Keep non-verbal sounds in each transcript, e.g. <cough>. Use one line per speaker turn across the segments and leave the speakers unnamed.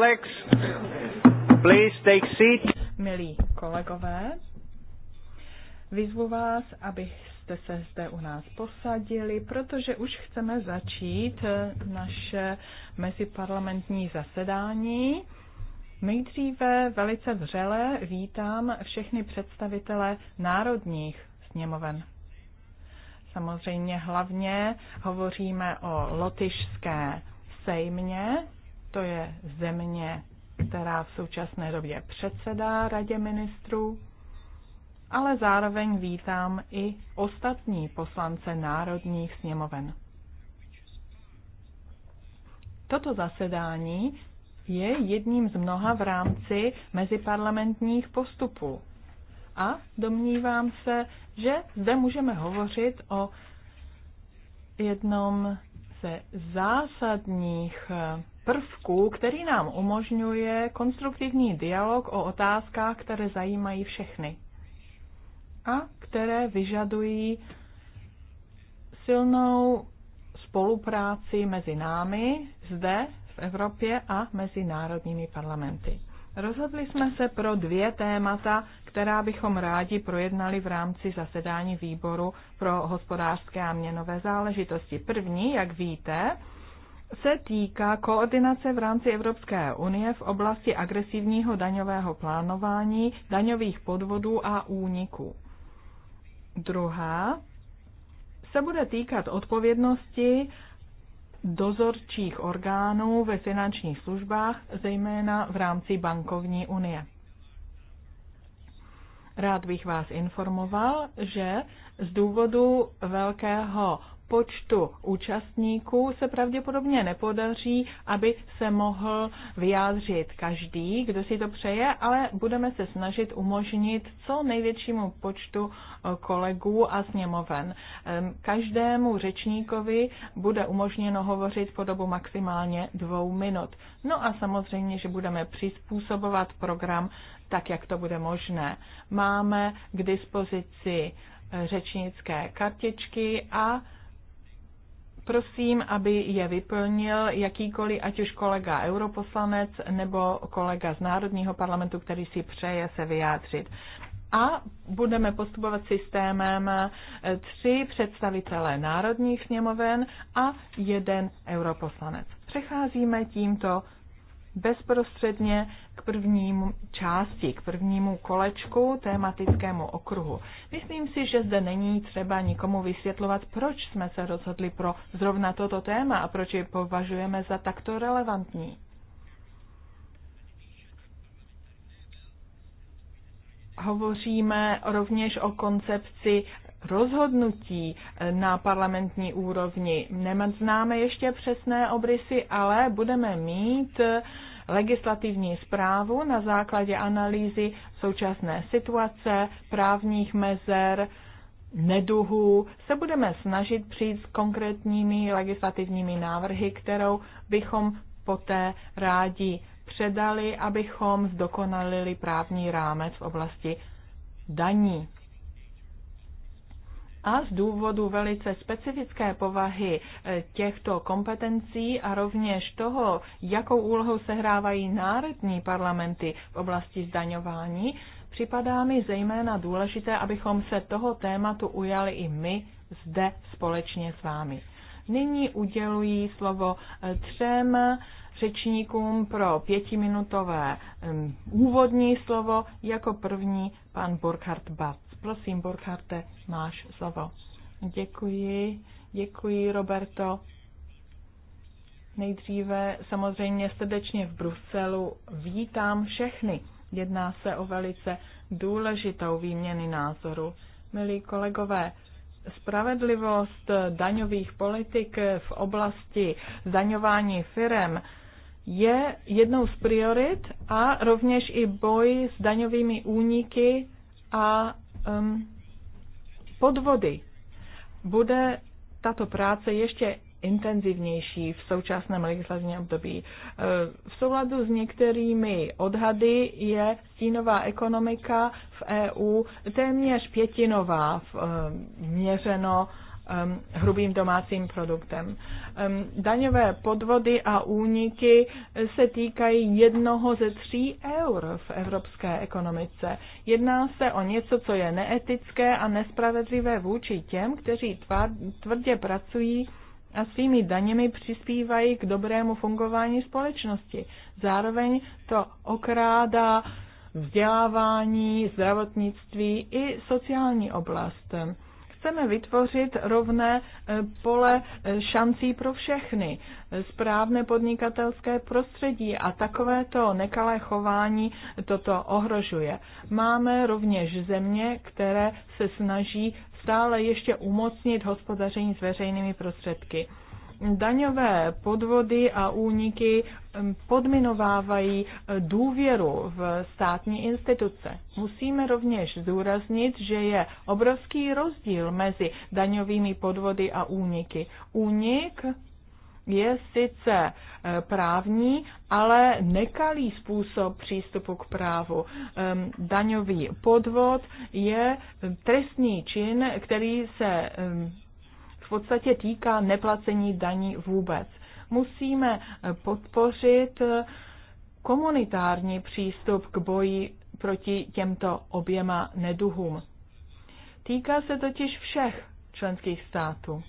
colleagues,
please take seat. Milí kolegové, vyzvu vás, abyste se zde u nás posadili, protože už chceme začít eh, naše meziparlamentní zasedání. Nejdříve velice vřele vítám všechny představitele národních sněmoven. Samozřejmě hlavně hovoříme o lotyšské sejmě, to je země, která v současné době předsedá Radě ministrů, ale zároveň vítám i ostatní poslance národních sněmoven. Toto zasedání je jedním z mnoha v rámci meziparlamentních postupů. A domnívám se, že zde můžeme hovořit o jednom ze zásadních prvků, který nám umožňuje konstruktivní dialog o otázkách, které zajímají všechny a které vyžadují silnou spolupráci mezi námi zde v Evropě a mezi národními parlamenty. Rozhodli jsme se pro dvě témata, která bychom rádi projednali v rámci zasedání výboru pro hospodářské a měnové záležitosti. První, jak víte, se týká koordinace v rámci Evropské unie v oblasti agresivního daňového plánování, daňových podvodů a úniků. Druhá se bude týkat odpovědnosti dozorčích orgánů ve finančních službách, zejména v rámci bankovní unie. Rád bych vás informoval, že z důvodu velkého počtu účastníků se pravděpodobně nepodaří, aby se mohl vyjádřit každý, kdo si to přeje, ale budeme se snažit umožnit co největšímu počtu eh, kolegů a sněmoven. Ehm, každému řečníkovi bude umožněno hovořit po dobu maximálně dvou minut. No a samozřejmě, že budeme přizpůsobovat program tak, jak to bude možné. Máme k dispozici eh, řečnické kartičky a Prosím, aby je vyplnil jakýkoliv, ať už kolega europoslanec nebo kolega z Národního parlamentu, který si přeje se vyjádřit. A budeme postupovat systémem eh, tři představitelé národních sněmoven a jeden europoslanec. Přecházíme tímto bezprostředně k prvnímu části, k prvnímu kolečku, tématickému okruhu. Myslím si, že zde není třeba nikomu vysvětlovat, proč jsme se rozhodli pro zrovna toto téma a proč je považujeme za takto relevantní. Hovoříme rovněž o koncepci rozhodnutí na parlamentní úrovni. Neznáme ještě přesné obrysy, ale budeme mít eh, legislativní zprávu na základě analýzy současné situace, právních mezer, neduhů se budeme snažit přijít s konkrétními legislativními návrhy, kterou bychom poté rádi předali, abychom zdokonalili právní rámec v oblasti daní. A z důvodu velice specifické povahy eh, těchto kompetencí a rovněž toho, jakou úlohou sehrávají národní parlamenty v oblasti zdaňování, připadá mi zejména důležité, abychom se toho tématu ujali i my zde společně s vámi. Nyní udělují slovo eh, třem eh, řečníkům pro pětiminutové mm, úvodní slovo. Jako první pan Burkhard Bat. Prosím, Burkharte, máš slovo. Děkuji, děkuji, Roberto. Nejdříve samozřejmě srdečně v Bruselu vítám všechny. Jedná se o velice důležitou výměny názoru. Milí kolegové, spravedlivost daňových politik v oblasti zdaňování firem je jednou z priorit a rovněž i boj s daňovými úniky a um, podvody. Bude tato práce ještě intenzivnější v současném legislativním období. V souladu s některými odhady je stínová ekonomika v EU téměř pětinová v, měřeno um, hrubým domácím produktem. Um, daňové podvody a úniky se týkají jednoho ze tří eur v evropské ekonomice. Jedná se o něco, co je neetické a nespravedlivé vůči těm, kteří tvrdě pracují a svými daněmi přispívají k dobrému fungování společnosti. Zároveň to okrádá vzdělávání, zdravotnictví i sociální oblast chceme vytvořit rovné e, pole e, šancí pro všechny, správné podnikatelské prostředí a takovéto nekalé chování toto ohrožuje. Máme rovněž země, které se snaží stále ještě umocnit hospodaření s veřejnými prostředky daňové podvody a úniky podminovávají eh, důvěru v státní instituce. Musíme rovněž zdůraznit, že je obrovský rozdíl mezi daňovými podvody a úniky. Únik je sice eh, právní, ale nekalý způsob přístupu k právu. Daňový podvod je trestný čin, který se podstatě týká neplacení daní vůbec. Musíme podpořit komunitární přístup k boji proti těmto oběma neduhům. Týká se totiž všech členských států.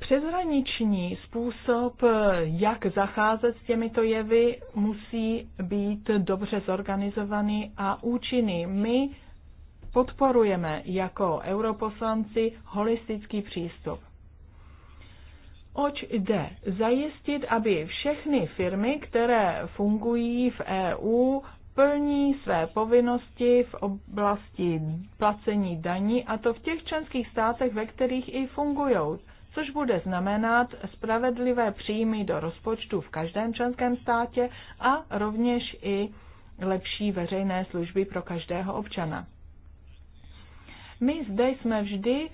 Přeshraniční způsob, jak zacházet s těmito jevy, musí být dobře zorganizovaný a účinný. My podporujeme jako europoslanci holistický přístup. Oč jde? Zajistit, aby všechny firmy, které fungují v EU, plní své povinnosti v oblasti placení daní a to v těch členských státech, ve kterých i fungují, což bude znamenat spravedlivé příjmy do rozpočtu v každém členském státě a rovněž i lepší veřejné služby pro každého občana. My zde jsme vždy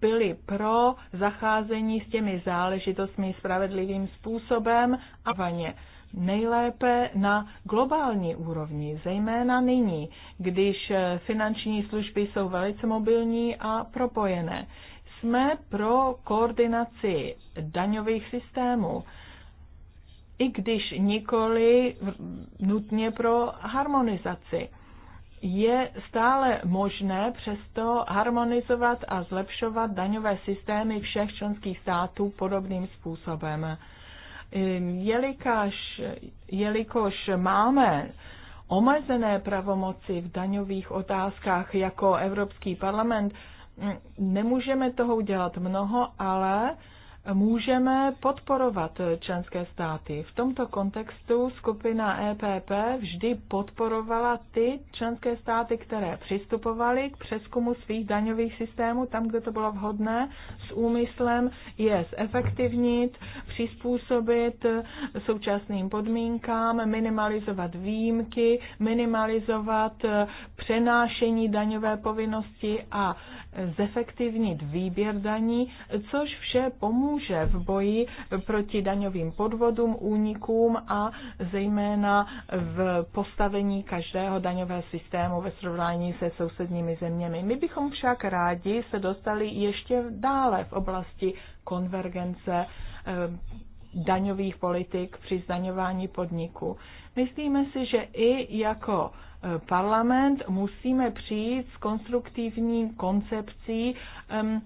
byli pro zacházení s těmi záležitostmi spravedlivým způsobem a vaně. Nejlépe na globální úrovni, zejména nyní, když finanční služby jsou velice mobilní a propojené. Jsme pro koordinaci daňových systémů, i když nikoli nutně pro harmonizaci je stále možné přesto harmonizovat a zlepšovat daňové systémy všech členských států podobným způsobem. Ehm, jelikož, jelikož máme omezené pravomoci v daňových otázkách jako Evropský parlament, mm, nemůžeme toho udělat mnoho, ale můžeme podporovat členské státy. V tomto kontextu skupina EPP vždy podporovala ty členské státy, které přistupovaly k přeskumu svých daňových systémů tam, kde to bylo vhodné, s úmyslem je zefektivnit, přizpůsobit současným podmínkám, minimalizovat výjimky, minimalizovat přenášení daňové povinnosti a zefektivnit výběr daní, což vše pomůže pomůže v boji proti daňovým podvodům, únikům a zejména v postavení každého daňového systému ve srovnání se sousedními zeměmi. My bychom však rádi se dostali ještě dále v oblasti konvergence eh, daňových politik při zdaňování podniku. Myslíme si, že i jako eh, parlament musíme přijít s konstruktivní koncepcí ehm,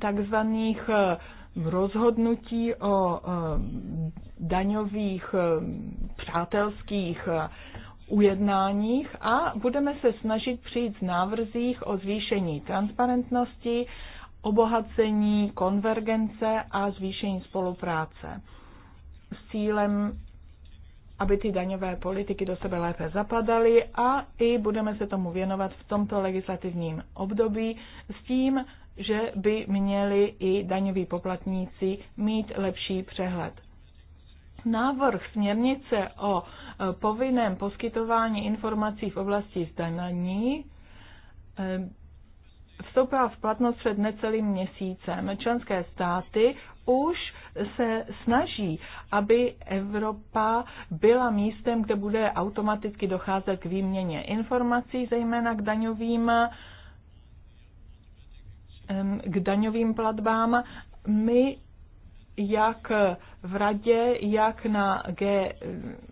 takzvaných eh, v rozhodnutí o eh, daňových eh, přátelských eh, ujednáních a budeme se snažit přijít z návrzích o zvýšení transparentnosti, obohacení konvergence a zvýšení spolupráce s cílem, aby ty daňové politiky do sebe lépe zapadaly a i budeme se tomu věnovat v tomto legislativním období s tím, že by měli i daňoví poplatníci mít lepší přehled. Návrh směrnice o e, povinném poskytování informací v oblasti zdanění e, vstoupila v platnost před necelým měsícem. Členské státy už se snaží, aby Evropa byla místem, kde bude automaticky docházet k výměně informací, zejména k daňovým uh, k daňovým platbám. My jak v radě, jak, na G,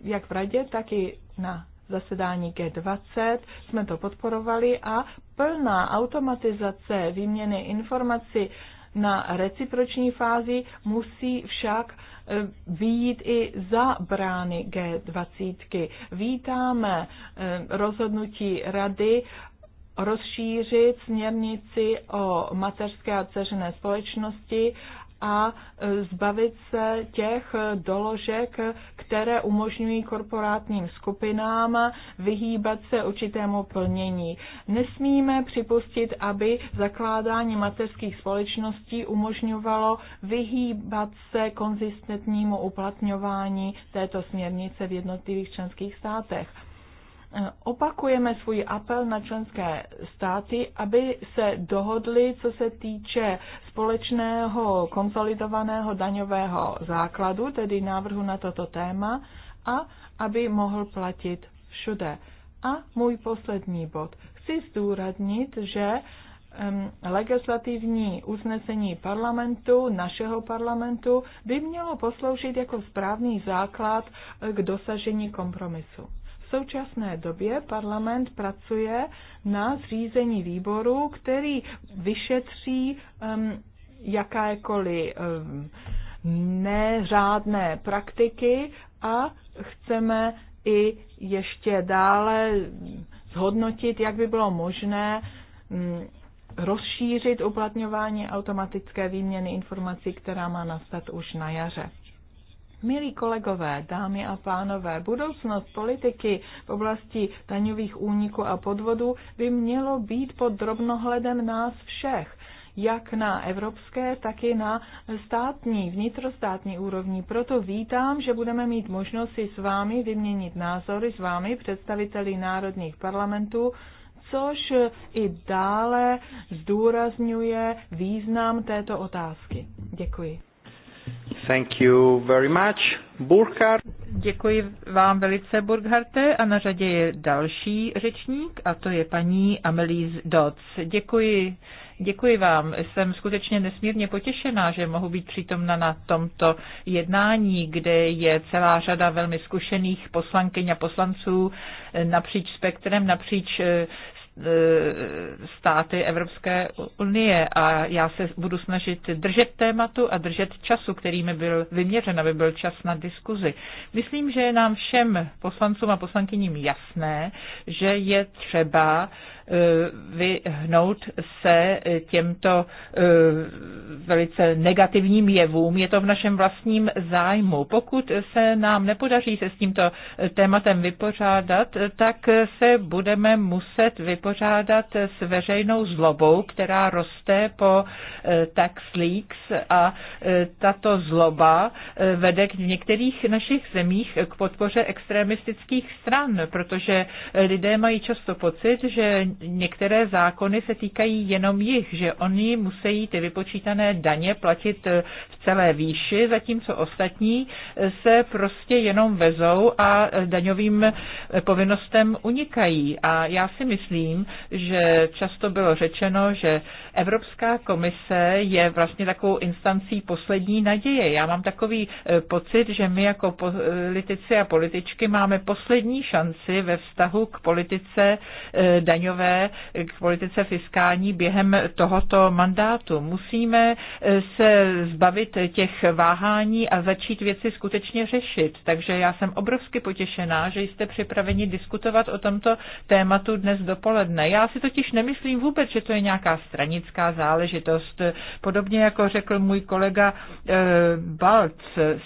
jak v radě, tak i na zasedání G20 jsme to podporovali a plná automatizace výměny informací na reciproční fázi musí však výjít i za brány G20. Vítáme rozhodnutí rady rozšířit směrnici o mateřské a dceřené společnosti a e, zbavit se těch e, doložek, které umožňují korporátním skupinám vyhýbat se určitému plnění. Nesmíme připustit, aby zakládání mateřských společností umožňovalo vyhýbat se konzistentnímu uplatňování této směrnice v jednotlivých členských státech Opakujeme svůj apel na členské státy, aby se dohodli, co se týče společného konsolidovaného daňového základu, tedy návrhu na toto téma, a aby mohl platit všude. A můj poslední bod. Chci zdůraznit, že um, legislativní usnesení parlamentu, našeho parlamentu, by mělo posloužit jako správný základ k dosažení kompromisu. V současné době parlament pracuje na zřízení výboru, který vyšetří um, jakékoliv um, neřádné praktiky a chceme i ještě dále zhodnotit, jak by bylo možné um, rozšířit uplatňování automatické výměny informací, která má nastat už na jaře. Milí kolegové, dámy a pánové, budoucnost politiky v oblasti daňových úniků a podvodů by mělo být pod drobnohledem nás všech jak na evropské, tak i na státní, vnitrostátní úrovni. Proto vítám, že budeme mít možnost si s vámi vyměnit názory, s vámi představiteli národních parlamentů, což i dále zdůrazňuje význam této otázky. Děkuji.
Thank you very much, Burkhard.
Děkuji vám velice, Burgharte. A na řadě je
další řečník, a to je paní Amelie Dodds. Děkuji. Děkuji vám. Jsem skutečně nesmírně potěšená, že mohu být přítomna na tomto jednání, kde je celá řada velmi zkušených poslankyň a poslanců napříč spektrem, napříč E, státy Evropské unie a já se budu snažit držet tématu a držet času, který mi byl vyměřen, aby byl čas na diskuzi. Myslím, že je nám všem poslancům a poslankyním jasné, že je třeba vyhnout se těmto eh, velice negativním jevům. Je to v našem vlastním zájmu. Pokud se nám nepodaří se s tímto tématem vypořádat, tak se budeme muset vypořádat s veřejnou zlobou, která roste po eh, tax leaks a eh, tato zloba vede k některých našich zemích k podpoře extremistických stran, protože lidé mají často pocit, že některé zákony se týkají jenom jich, že oni musí ty vypočítané daně platit eh, v celé výši, zatímco ostatní eh, se prostě jenom vezou a eh, daňovým povinnostem unikají. A já si myslím, že často bylo řečeno, že Evropská komise je vlastně takovou instancí poslední naděje. Já mám takový pocit, že my jako politici a političky máme poslední šanci ve vztahu k politice daňové k politice fiskální během tohoto mandátu. Musíme eh, se zbavit těch váhání a začít věci skutečně řešit. Takže já jsem obrovsky potěšená, že jste připraveni diskutovat o tomto tématu dnes dopoledne. Já si totiž nemyslím vůbec, že to je nějaká stranická záležitost. Podobně jako řekl můj kolega eh, Balc,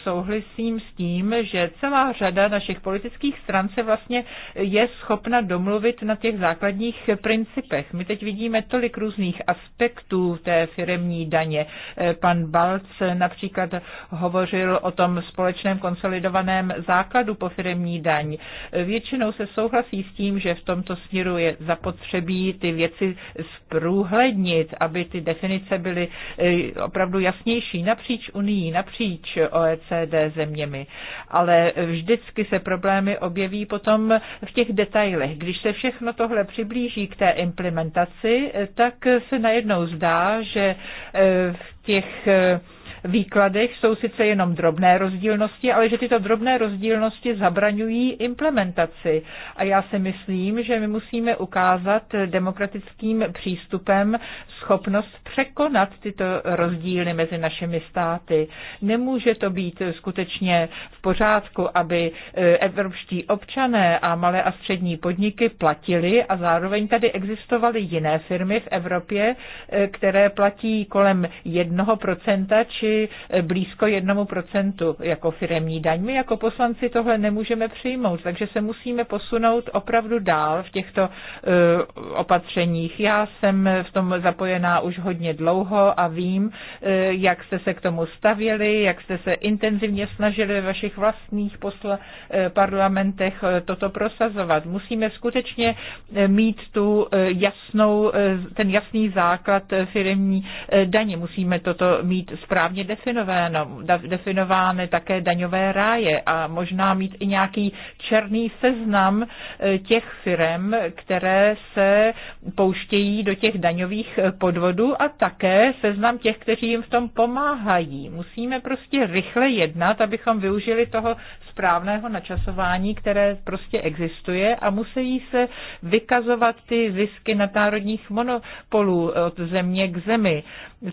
souhlasím s tím, že celá řada našich politických stran se vlastně je schopna domluvit na těch základních ke principech. My teď vidíme tolik různých aspektů té firemní daně. Eh, pan Balc například hovořil o tom společném konsolidovaném základu po firemní daň. Eh, většinou se souhlasí s tím, že v tomto směru je zapotřebí ty věci zprůhlednit, aby ty definice byly eh, opravdu jasnější napříč Unii, napříč OECD zeměmi. Ale vždycky se problémy objeví potom v těch detailech. Když se všechno tohle přiblíží, přihlíží k té implementaci, tak se najednou zdá, že eh, v těch eh, výkladech jsou sice jenom drobné rozdílnosti, ale že tyto drobné rozdílnosti zabraňují implementaci. A já si myslím, že my musíme ukázat demokratickým přístupem schopnost překonat tyto rozdíly mezi našimi státy. Nemůže to být skutečně v pořádku, aby e, evropští občané a malé a střední podniky platili a zároveň tady existovaly jiné firmy v Evropě, e, které platí kolem 1% či blízko jednomu procentu jako firemní daň. My jako poslanci tohle nemůžeme přijmout, takže se musíme posunout opravdu dál v těchto eh, opatřeních. Já jsem v tom zapojená už hodně dlouho a vím, eh, jak jste se k tomu stavěli, jak jste se intenzivně snažili ve vašich vlastních posla, eh, parlamentech toto prosazovat. Musíme skutečně mít tu jasnou, ten jasný základ firmní daně. Musíme toto mít správně jasně definováno, definovány také daňové ráje a možná mít i nějaký černý seznam e, těch firm, které se pouštějí do těch daňových e, podvodů a také seznam těch, kteří jim v tom pomáhají. Musíme prostě rychle jednat, abychom využili toho správného načasování, které prostě existuje a musí se vykazovat ty zisky národních monopolů od země k zemi.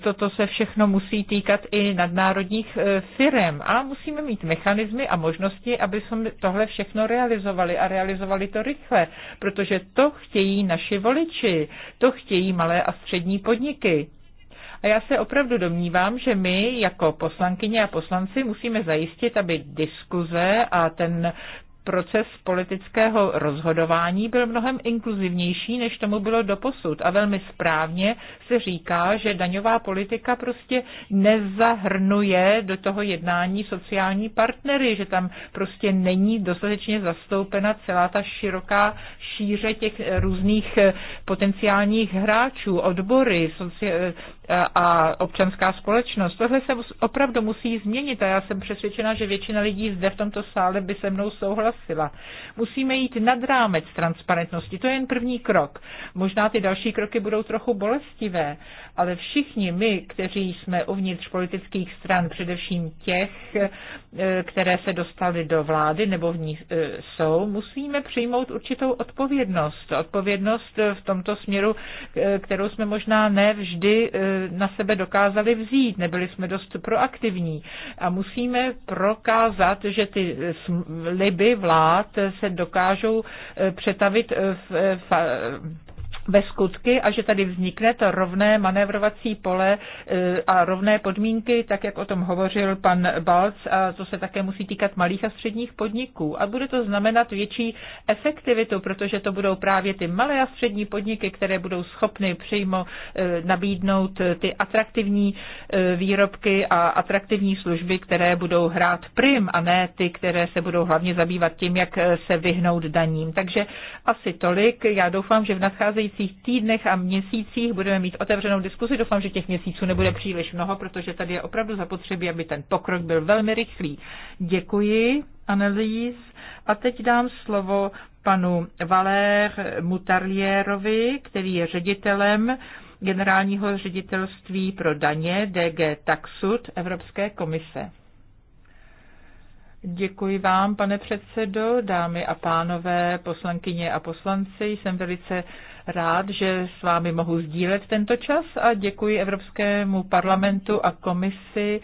Toto se všechno musí týkat i nadnárodních e, firm a musíme mít mechanismy a možnosti, aby jsme tohle všechno realizovali a realizovali to rychle, protože to chtějí naši voliči, to chtějí malé a střední podniky. A já se opravdu domnívám, že my jako poslankyně a poslanci musíme zajistit, aby diskuze a ten proces politického rozhodování byl mnohem inkluzivnější, než tomu bylo doposud. A velmi správně se říká, že daňová politika prostě nezahrnuje do toho jednání sociální partnery, že tam prostě není dostatečně zastoupena celá ta široká šíře těch různých potenciálních hráčů, odbory, soci- a občanská společnost. Tohle se opravdu musí změnit a já jsem přesvědčena, že většina lidí zde v tomto sále by se mnou souhlasila. Musíme jít nad rámec transparentnosti. To je jen první krok. Možná ty další kroky budou trochu bolestivé, ale všichni my, kteří jsme uvnitř politických stran, především těch, eh, které se dostaly do vlády nebo v ní eh, jsou, musíme přijmout určitou odpovědnost. Odpovědnost v tomto směru, eh, kterou jsme možná nevždy na sebe dokázali vzít, nebyli jsme dost proaktivní a musíme prokázat, že ty liby vlád se dokážou eh, přetavit eh, v eh, ve skutky a že tady vznikne to rovné manévrovací pole e, a rovné podmínky, tak jak o tom hovořil pan Balc, a to se také musí týkat malých a středních podniků. A bude to znamenat větší efektivitu, protože to budou právě ty malé a střední podniky, které budou schopny přímo e, nabídnout ty atraktivní e, výrobky a atraktivní služby, které budou hrát prim a ne ty, které se budou hlavně zabývat tím, jak se vyhnout daním. Takže asi tolik. Já doufám, že v nadcházející následujících týdnech a měsících budeme mít otevřenou diskusi. Doufám, že těch měsíců nebude příliš mnoho, protože tady je opravdu zapotřebí, aby ten pokrok byl velmi rychlý. Děkuji, Annelies. A teď dám slovo panu Valér Mutarlierovi, který je ředitelem generálního ředitelství pro daně DG Taxud Evropské komise. Děkuji vám, pane předsedo, dámy a pánové, poslankyně a poslanci. Jsem velice rád, že s vámi mohu sdílet tento čas a děkuji Evropskému parlamentu a komisi e, e,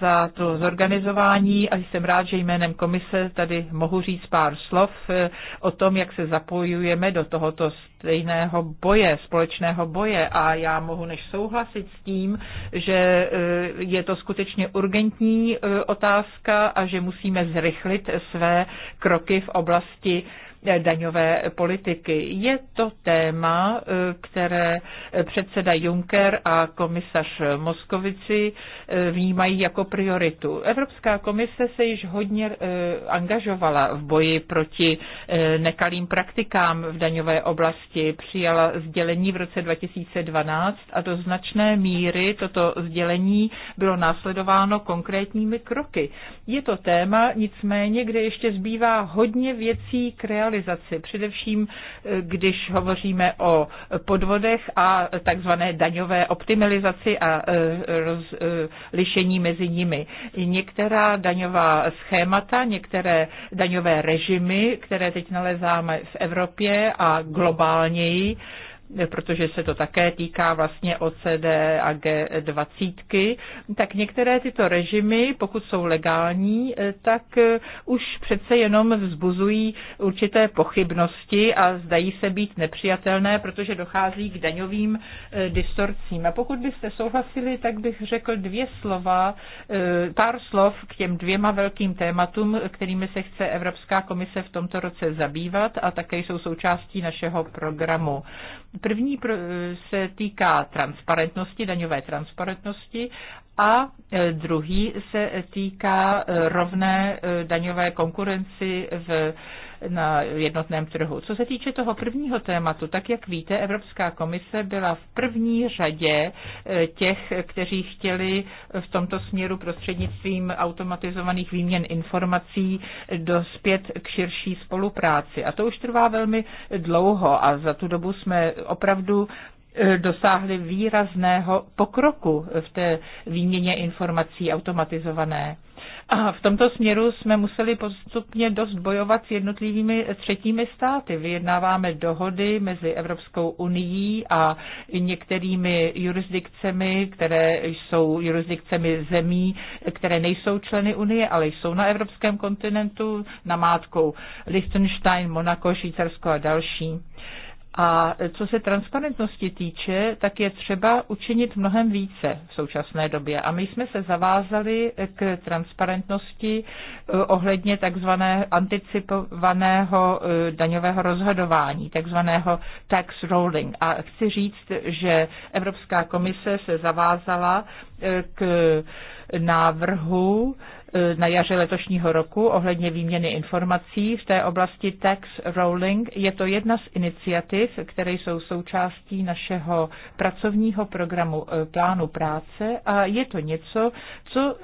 za to zorganizování a jsem rád, že jménem komise tady mohu říct pár slov e, o tom, jak se zapojujeme do tohoto stejného boje, společného boje a já mohu než souhlasit s tím, že je to skutečně urgentní otázka a že musíme zrychlit své kroky v oblasti Eh, daňové politiky. Je to téma, eh, které předseda Juncker a komisař Moskovici eh, vnímají jako prioritu. Evropská komise se již hodně angažovala v boji proti nekalým praktikám v daňové oblasti. Přijala sdělení v roce 2012 a do značné míry toto sdělení bylo následováno konkrétními kroky. Je to téma nicméně, kde ještě zbývá hodně věcí k realizaci realizaci, především eh, když hovoříme o podvodech a takzvané daňové optimalizaci a eh, rozlišení eh, mezi nimi. Některá daňová schémata, některé daňové režimy, které teď nalezáme v Evropě a globálněji, protože se to také týká vlastně OCD a G20, tak některé tyto režimy, pokud jsou legální, eh, tak eh, už přece jenom vzbuzují určité pochybnosti a zdají se být nepřijatelné, protože dochází k daňovým eh, distorcím. A pokud byste souhlasili, tak bych řekl dvě slova, pár slov k těm dvěma velkým tématům, kterými se chce Evropská komise v tomto roce zabývat a také jsou součástí našeho programu. První se týká transparentnosti, daňové transparentnosti a e, druhý se týká e, rovné e, daňové konkurenci v na jednotném trhu. Co se týče toho prvního tématu, tak jak víte, Evropská komise byla v první řadě eh, těch, kteří chtěli v tomto směru prostřednictvím automatizovaných výměn informací dospět k širší spolupráci. A to už trvá velmi dlouho a za tu dobu jsme opravdu eh, dosáhli výrazného pokroku v té výměně informací automatizované. A v tomto směru jsme museli postupně dost bojovat s jednotlivými třetími státy. Vyjednáváme dohody mezi Evropskou unii a některými jurisdikcemi, které jsou jurisdikcemi zemí, které nejsou členy unie, ale jsou na evropském kontinentu, namátkou Liechtenstein, Monako, Švýcarsko a další. A co se transparentnosti týče, tak je třeba učinit mnohem více v současné době. A my jsme se zavázali k transparentnosti eh, ohledně takzvaného anticipovaného eh, daňového rozhodování, takzvaného tax rolling. A chci říct, že Evropská komise se zavázala eh, k návrhu na jaře letošního roku ohledně výměny informací v té oblasti tax rolling. Je to jedna z iniciativ, které jsou součástí našeho pracovního programu eh, plánu práce a je to něco, co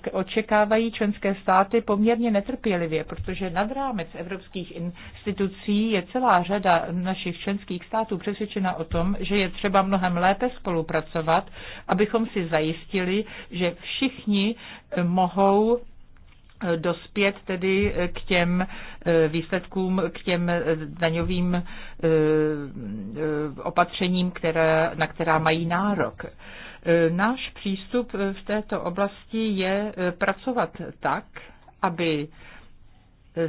eh, očekávají členské státy poměrně netrpělivě, protože nad rámec evropských institucí je celá řada našich členských států přesvědčena o tom, že je třeba mnohem lépe spolupracovat, abychom si zajistili, že všichni mohou dospět tedy k těm eh, výsledkům, k těm eh, daňovým eh, opatřením, které, na která mají nárok. Náš přístup v této oblasti je pracovat tak, aby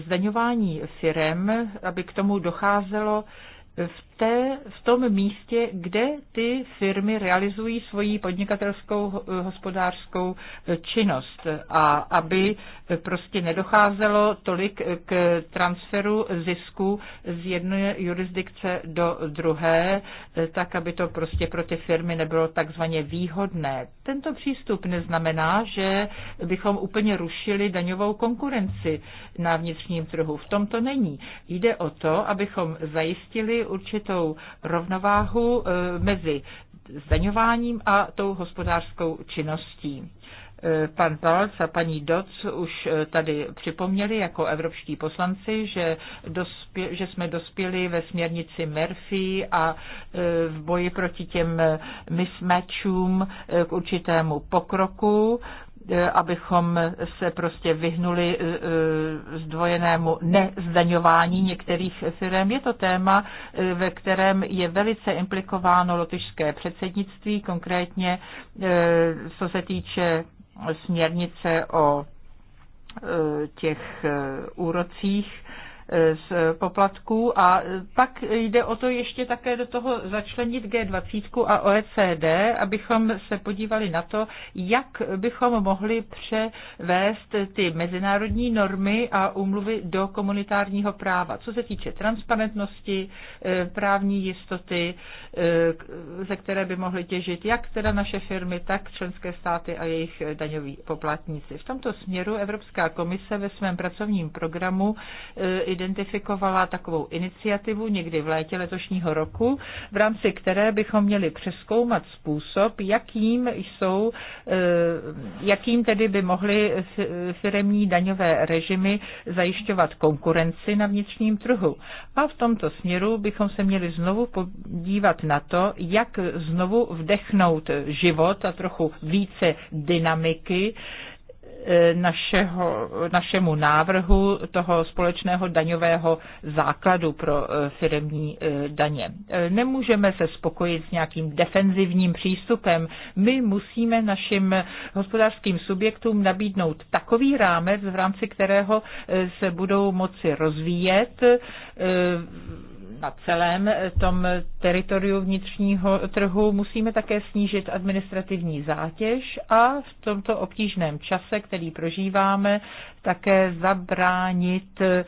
zdaňování firem, aby k tomu docházelo v, té, v tom místě, kde ty firmy realizují svoji podnikatelskou hospodářskou eh, činnost a aby eh, prostě nedocházelo tolik eh, k transferu zisku z jedné jurisdikce do druhé, tak aby to prostě pro ty firmy nebylo takzvaně výhodné. Tento přístup neznamená, že bychom úplně rušili daňovou konkurenci na vnitřním trhu. V tom to není. Jde o to, abychom zajistili určitou rovnováhu e, mezi zdaňováním a tou hospodářskou činností e, pan Palc a paní Doc už e, tady připomněli jako evropští poslanci, že, dospě, že jsme dospěli ve směrnici Murphy a v boji proti těm mismatchům k určitému pokroku E, abychom se prostě vyhnuli e, e, zdvojenému nezdaňování některých firm. Je to téma, ve kterém je velice implikováno lotyšské předsednictví, konkrétně co se týče směrnice o těch úrocích z poplatků a pak jde o to ještě také do toho začlenit G20 a OECD, abychom se podívali na to, jak bychom mohli převést ty mezinárodní normy a umluvy do komunitárního práva. Co se týče transparentnosti, eh, právní jistoty, eh, ze které by mohly těžit jak teda naše firmy, tak členské státy a jejich daňoví poplatníci. V tomto směru Evropská komise ve svém pracovním programu eh, identifikovala takovou iniciativu někdy v létě letošního roku, v rámci které bychom měli přeskoumat způsob, jakým jsou, eh, jakým tedy by mohly firemní daňové režimy zajišťovat konkurenci na vnitřním trhu. A v tomto směru bychom se měli znovu podívat na to, jak znovu vdechnout život a trochu více dynamiky E, našeho, našemu návrhu toho společného daňového základu pro e, firmní e, daně. Nemůžeme se spokojit s nějakým defenzivním přístupem. My musíme našim hospodářským subjektům nabídnout takový rámec, v rámci kterého se budou moci rozvíjet na celém eh, tom eh, teritoriu vnitřního trhu. Musíme také snížit administrativní zátěž a v tomto obtížném čase, který prožíváme, také zabránit eh,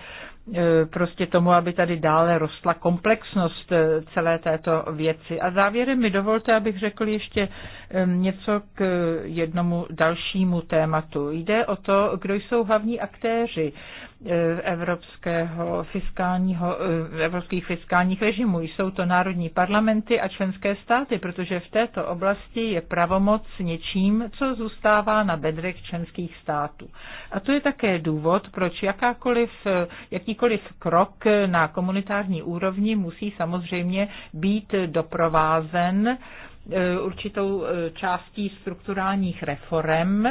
prostě tomu, aby tady dále rostla komplexnost celé této věci. A závěrem mi dovolte, abych řekl ještě něco k jednomu dalšímu tématu. Jde o to, kdo jsou hlavní aktéři. E, evropského fiskálního, e, evropských fiskálních režimů. Jsou to národní parlamenty a členské státy, protože v této oblasti je pravomoc něčím, co zůstává na bedrech členských států. A to je také důvod, proč jakákoliv, e, jakýkoliv krok na komunitární úrovni musí samozřejmě být doprovázen určitou částí strukturálních reform,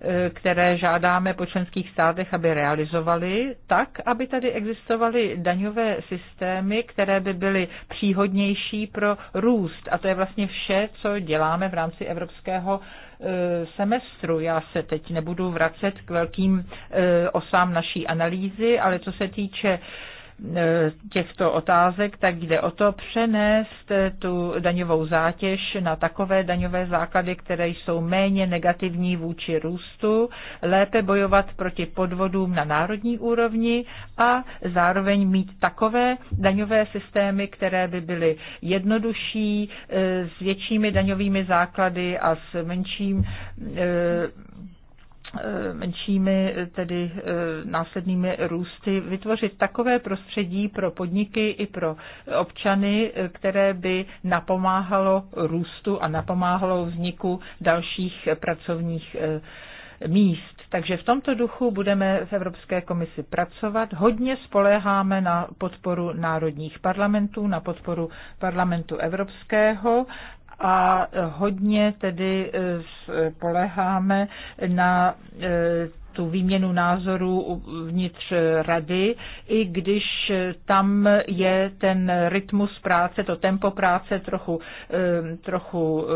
E, které žádáme po členských státech, aby realizovali, tak, aby tady existovaly daňové systémy, které by byly příhodnější pro růst. A to je vlastně vše, co děláme v rámci evropského e, semestru. Já se teď nebudu vracet k velkým e, osám naší analýzy, ale co se týče E, těchto otázek, tak jde o to přenést tu daňovou zátěž na takové daňové základy, které jsou méně negativní vůči růstu, lépe bojovat proti podvodům na národní úrovni a zároveň mít takové daňové systémy, které by byly jednodušší, e, s většími daňovými základy a s menším e, Eh, menšími, eh, tedy eh, následnými růsty, vytvořit takové prostředí pro podniky i pro občany, které by napomáhalo růstu a napomáhalo vzniku dalších pracovních míst. Takže v tomto duchu budeme v Evropské komisi pracovat. Hodně spoléháme na podporu národních parlamentů, na podporu parlamentu evropského a hodně tedy e, spoleháme e, na e, tu výměnu názorů vnitř rady, i když tam je ten rytmus práce, to tempo práce trochu, trochu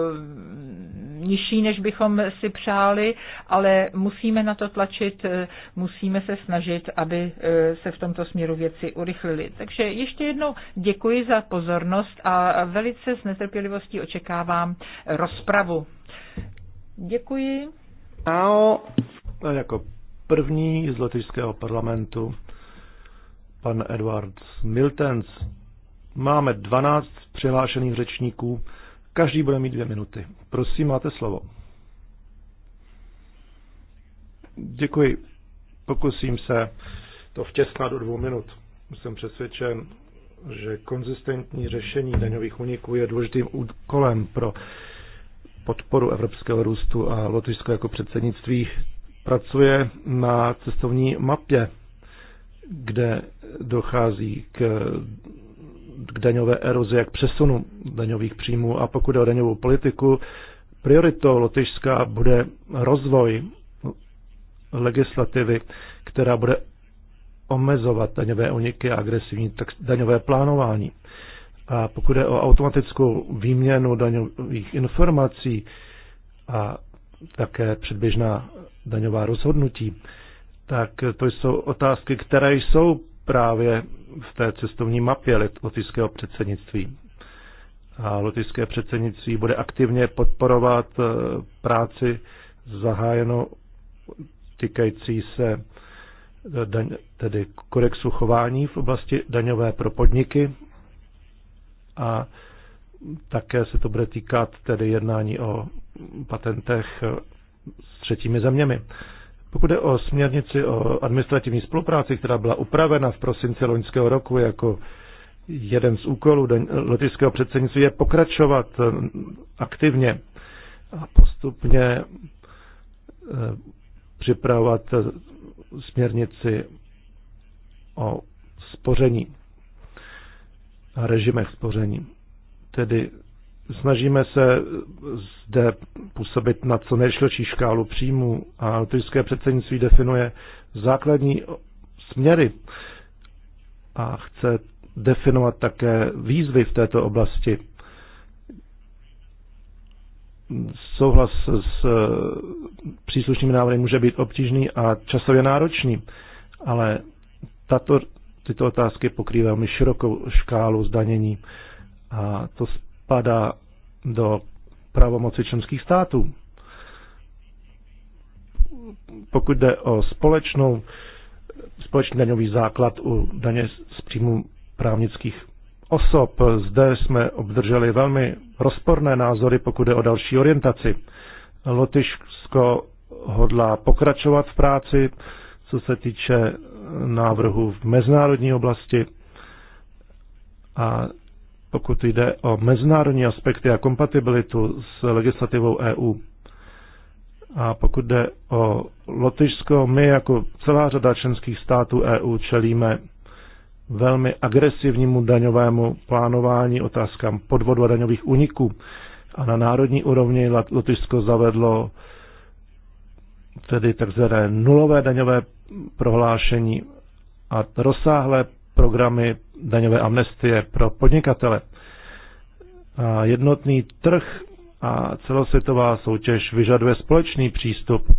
nižší, než bychom si přáli, ale musíme na to tlačit, eh, musíme se snažit, aby eh, se v tomto směru věci urychlily. Takže ještě jednou děkuji za pozornost a velice s netrpělivostí očekávám rozpravu. Děkuji.
Ahoj. A jako první z lotyšského parlamentu pan Edward Miltens. Máme 12 přihlášených řečníků. Každý bude mít dvě minuty. Prosím, máte slovo. Děkuji. Pokusím se to vtěsnat do dvou minut. Jsem přesvědčen, že konzistentní řešení daňových uniků je důležitým úkolem pro podporu evropského růstu a Lotyšsko jako předsednictví pracuje na cestovní mapě, kde dochází k k daňové erozi, jak přesunu daňových příjmů. A pokud jde o daňovou politiku, prioritou Lotyšska bude rozvoj legislativy, která bude omezovat daňové uniky a agresivní tak daňové plánování. A pokud jde o automatickou výměnu daňových informací a také předběžná daňová rozhodnutí, tak to jsou otázky, které jsou právě v té cestovní mapě lotyšského předsednictví. A lotyšské předsednictví bude aktivně podporovat e, práci zahájenou týkající se e, daň, tedy kodexu chování v oblasti daňové pro podniky a také se to bude týkat tedy jednání o patentech e, s třetími zeměmi. Pokud je o směrnici o administrativní spolupráci, která byla upravena v prosinci loňského roku jako jeden z úkolů lotyšského předsednictví, je pokračovat eh, aktivně a postupně eh, připravovat eh, směrnici o spoření a režimech spoření. Tedy Snažíme se zde působit na co nejširší škálu příjmů a lotyšské předsednictví definuje základní směry a chce definovat také výzvy v této oblasti. Souhlas s eh, příslušnými návrhy může být obtížný a časově náročný, ale tato, tyto otázky pokrývají velmi širokou škálu zdanění a to spadá do pravomoci členských států. Pokud jde o společnou, společný daňový základ u daně z příjmu právnických osob, zde jsme obdrželi velmi rozporné názory, pokud jde o další orientaci. Lotyšsko hodlá pokračovat v práci, co se týče návrhu v mezinárodní oblasti a pokud jde o mezinárodní aspekty a kompatibilitu s legislativou EU. A pokud jde o Lotyšsko, my jako celá řada členských států EU čelíme velmi agresivnímu daňovému plánování, otázkám podvodu a daňových úniků. A na národní úrovni Lotyšsko zavedlo tedy takzvané nulové daňové prohlášení a rozsáhlé programy daňové amnestie pro podnikatele. A jednotný trh a celosvětová soutěž vyžaduje společný přístup,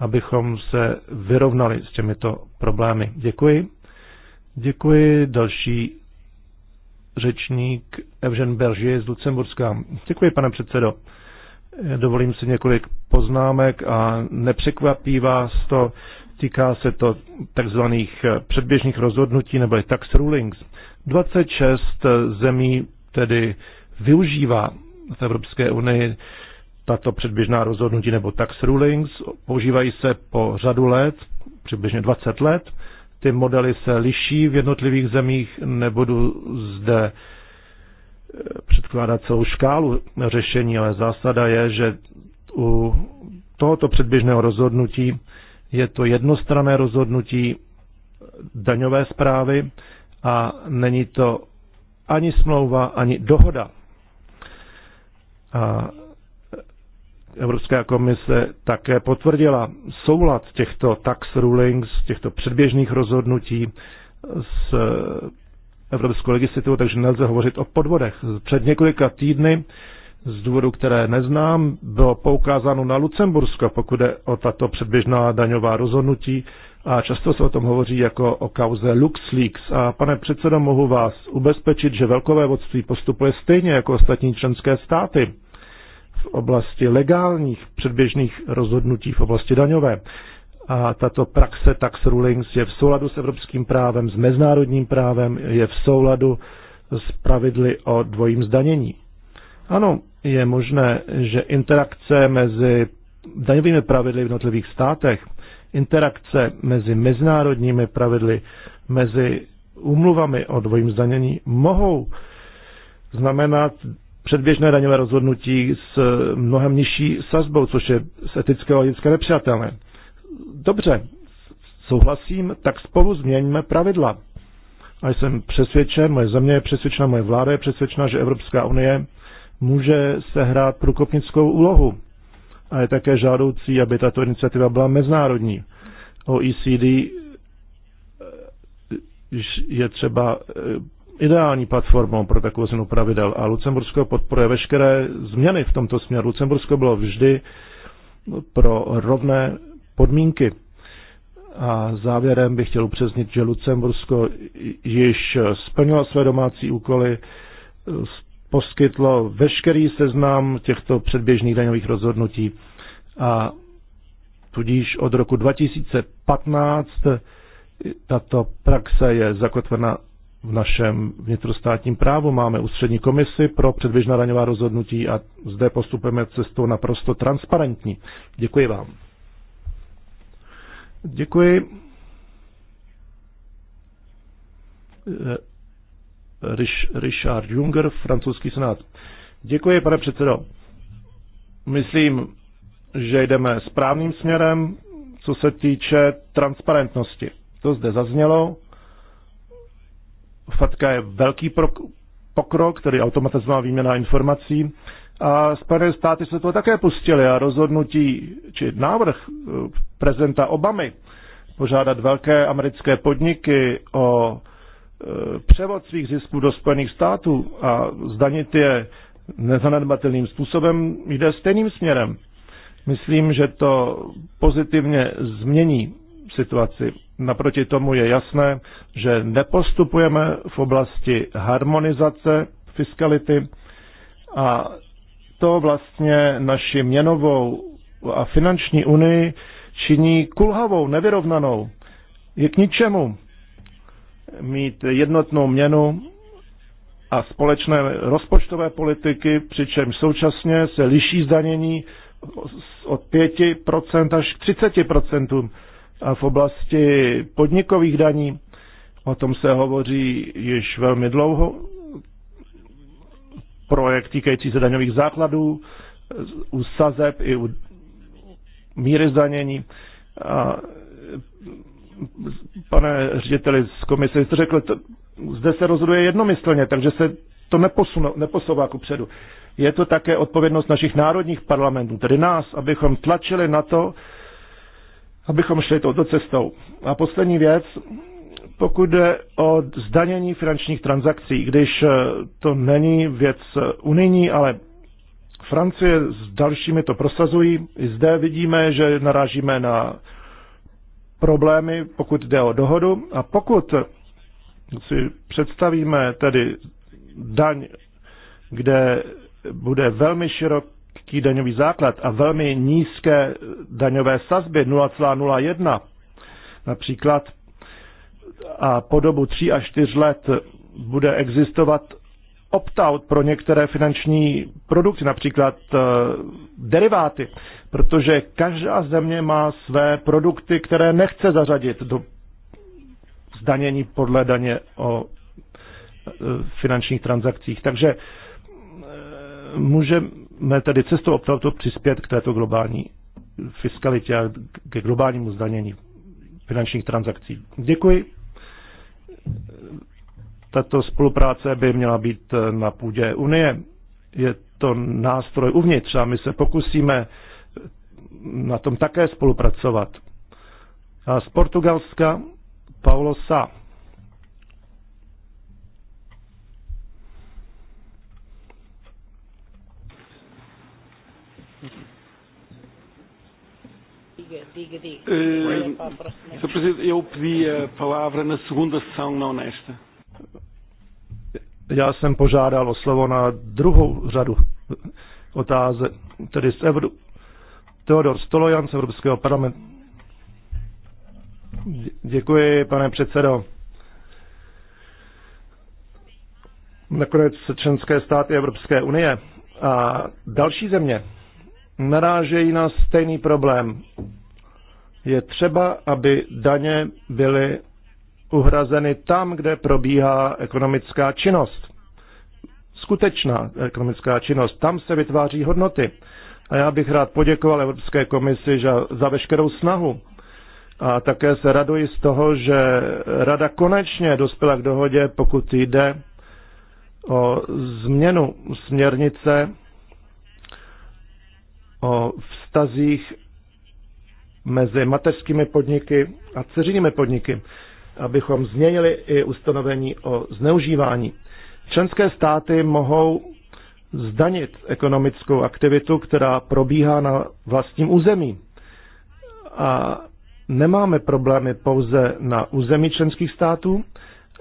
abychom se vyrovnali s těmito problémy. Děkuji. Děkuji. Další řečník Evžen Beržier z Lucemburska. Děkuji, pane předsedo. Dovolím si několik poznámek a nepřekvapí vás to, Týká se to takzvaných eh, předběžných rozhodnutí nebo tax rulings. 26 eh, zemí tedy využívá v Evropské unii tato předběžná rozhodnutí nebo tax rulings. Používají se po řadu let, přibližně 20 let. Ty modely se liší v jednotlivých zemích, nebudu zde eh, předkládat celou škálu řešení, ale zásada je, že u tohoto předběžného rozhodnutí je to jednostrané rozhodnutí daňové zprávy a není to ani smlouva, ani dohoda. A Evropská komise také potvrdila soulad těchto tax rulings, těchto předběžných rozhodnutí s evropskou legislativou, takže nelze hovořit o podvodech. Před několika týdny z důvodu, které neznám, bylo poukázáno na Lucembursko, pokud je o tato předběžná daňová rozhodnutí a často se o tom hovoří jako o kauze LuxLeaks. A pane předsedo, mohu vás ubezpečit, že velkové vodství postupuje stejně jako ostatní členské státy v oblasti legálních předběžných rozhodnutí v oblasti daňové. A tato praxe tax rulings je v souladu s evropským právem, s mezinárodním právem, je v souladu s pravidly o dvojím zdanění. Ano, je možné, že interakce mezi daňovými pravidly v jednotlivých státech, interakce mezi mezinárodními pravidly, mezi úmluvami o dvojím zdanění mohou znamenat předběžné daňové rozhodnutí s mnohem nižší sazbou, což je z etického lidské nepřijatelné. Dobře, souhlasím, tak spolu změníme pravidla. A jsem přesvědčen, moje země je přesvědčena, moje vláda je přesvědčena, že Evropská unie může sehrát průkopnickou úlohu. A je také žádoucí, aby tato iniciativa byla mezinárodní. OECD eh, je třeba eh, ideální platformou pro takovou změnu pravidel a Lucembursko podporuje veškeré změny v tomto směru. Lucembursko bylo vždy no, pro rovné podmínky. A závěrem bych chtěl upřesnit, že Lucembursko již splnilo své domácí úkoly, eh, poskytlo veškerý seznam těchto předběžných daňových rozhodnutí a tudíž od roku 2015 tato praxe je zakotvena v našem vnitrostátním právu. Máme ústřední komisi pro předběžná daňová rozhodnutí a zde postupujeme cestou naprosto transparentní. Děkuji vám. Děkuji. Richard Junger, francouzský senát. Děkuji, pane předsedo. Myslím, že jdeme správným směrem, co se týče transparentnosti. To zde zaznělo. Fatka je velký pokrok, tedy automatizovaná výměna informací. A Spojené státy se to také pustili a rozhodnutí, či návrh eh, prezidenta Obamy požádat velké americké podniky o Eh, převod svých zisků do Spojených států a zdanit je nezanedbatelným způsobem, jde stejným směrem. Myslím, že to pozitivně změní situaci. Naproti tomu je jasné, že nepostupujeme v oblasti harmonizace fiskality a to vlastně naši měnovou a finanční unii činí kulhavou, nevyrovnanou. Je k ničemu mít jednotnou měnu a společné rozpočtové politiky, přičemž současně se liší zdanění od 5% až k 30% a v oblasti podnikových daní. O tom se hovoří již velmi dlouho. Projekt týkající se daňových základů, u sazeb i u míry zdanění. A pane řediteli z komise, jste řekl, to, zde se rozhoduje jednomyslně, takže se to neposouvá ku předu. Je to také odpovědnost našich národních parlamentů, tedy nás, abychom tlačili na to, abychom šli touto cestou. A poslední věc, pokud jde o zdanění finančních transakcí, když eh, to není věc eh, unijní, ale Francie s dalšími to prosazují. I zde vidíme, že narážíme na problémy, pokud jde o dohodu. A pokud si představíme tedy daň, kde bude velmi široký daňový základ a velmi nízké daňové sazby 0,01 například a po dobu 3 až 4 let bude existovat opt-out pro některé finanční produkty, například eh, deriváty, protože každá země má své produkty, které nechce zařadit do zdanění podle daně o e, finančních transakcích. Takže e, můžeme tedy cestou opravdu přispět k této globální fiskalitě a ke globálnímu zdanění finančních transakcí. Děkuji. Tato spolupráce by měla být na půdě Unie. Je to nástroj uvnitř a my se pokusíme na tom také spolupracovat. A z Portugalska Paulo Sá.
Diga, diga. Uh,
eu pedi a palavra na segunda sessão, não nesta. Já jsem požádal o slovo na druhou řadu otázek, tedy z Evru, Teodor Stolojan z Evropského parlamentu. Děkuji, pane předsedo. Nakonec členské státy Evropské unie a další země narážejí na stejný problém. Je třeba, aby daně byly uhrazeny tam, kde probíhá ekonomická činnost. Skutečná ekonomická činnost. Tam se vytváří hodnoty. A já bych rád poděkoval Evropské komisi za veškerou snahu. A také se raduji z toho, že Rada konečně dospěla k dohodě, pokud jde o změnu směrnice o vztazích mezi mateřskými podniky a dceřinými podniky, abychom změnili i ustanovení o zneužívání. Členské státy mohou zdanit ekonomickou aktivitu, která probíhá na vlastním území. A nemáme problémy pouze na území členských států,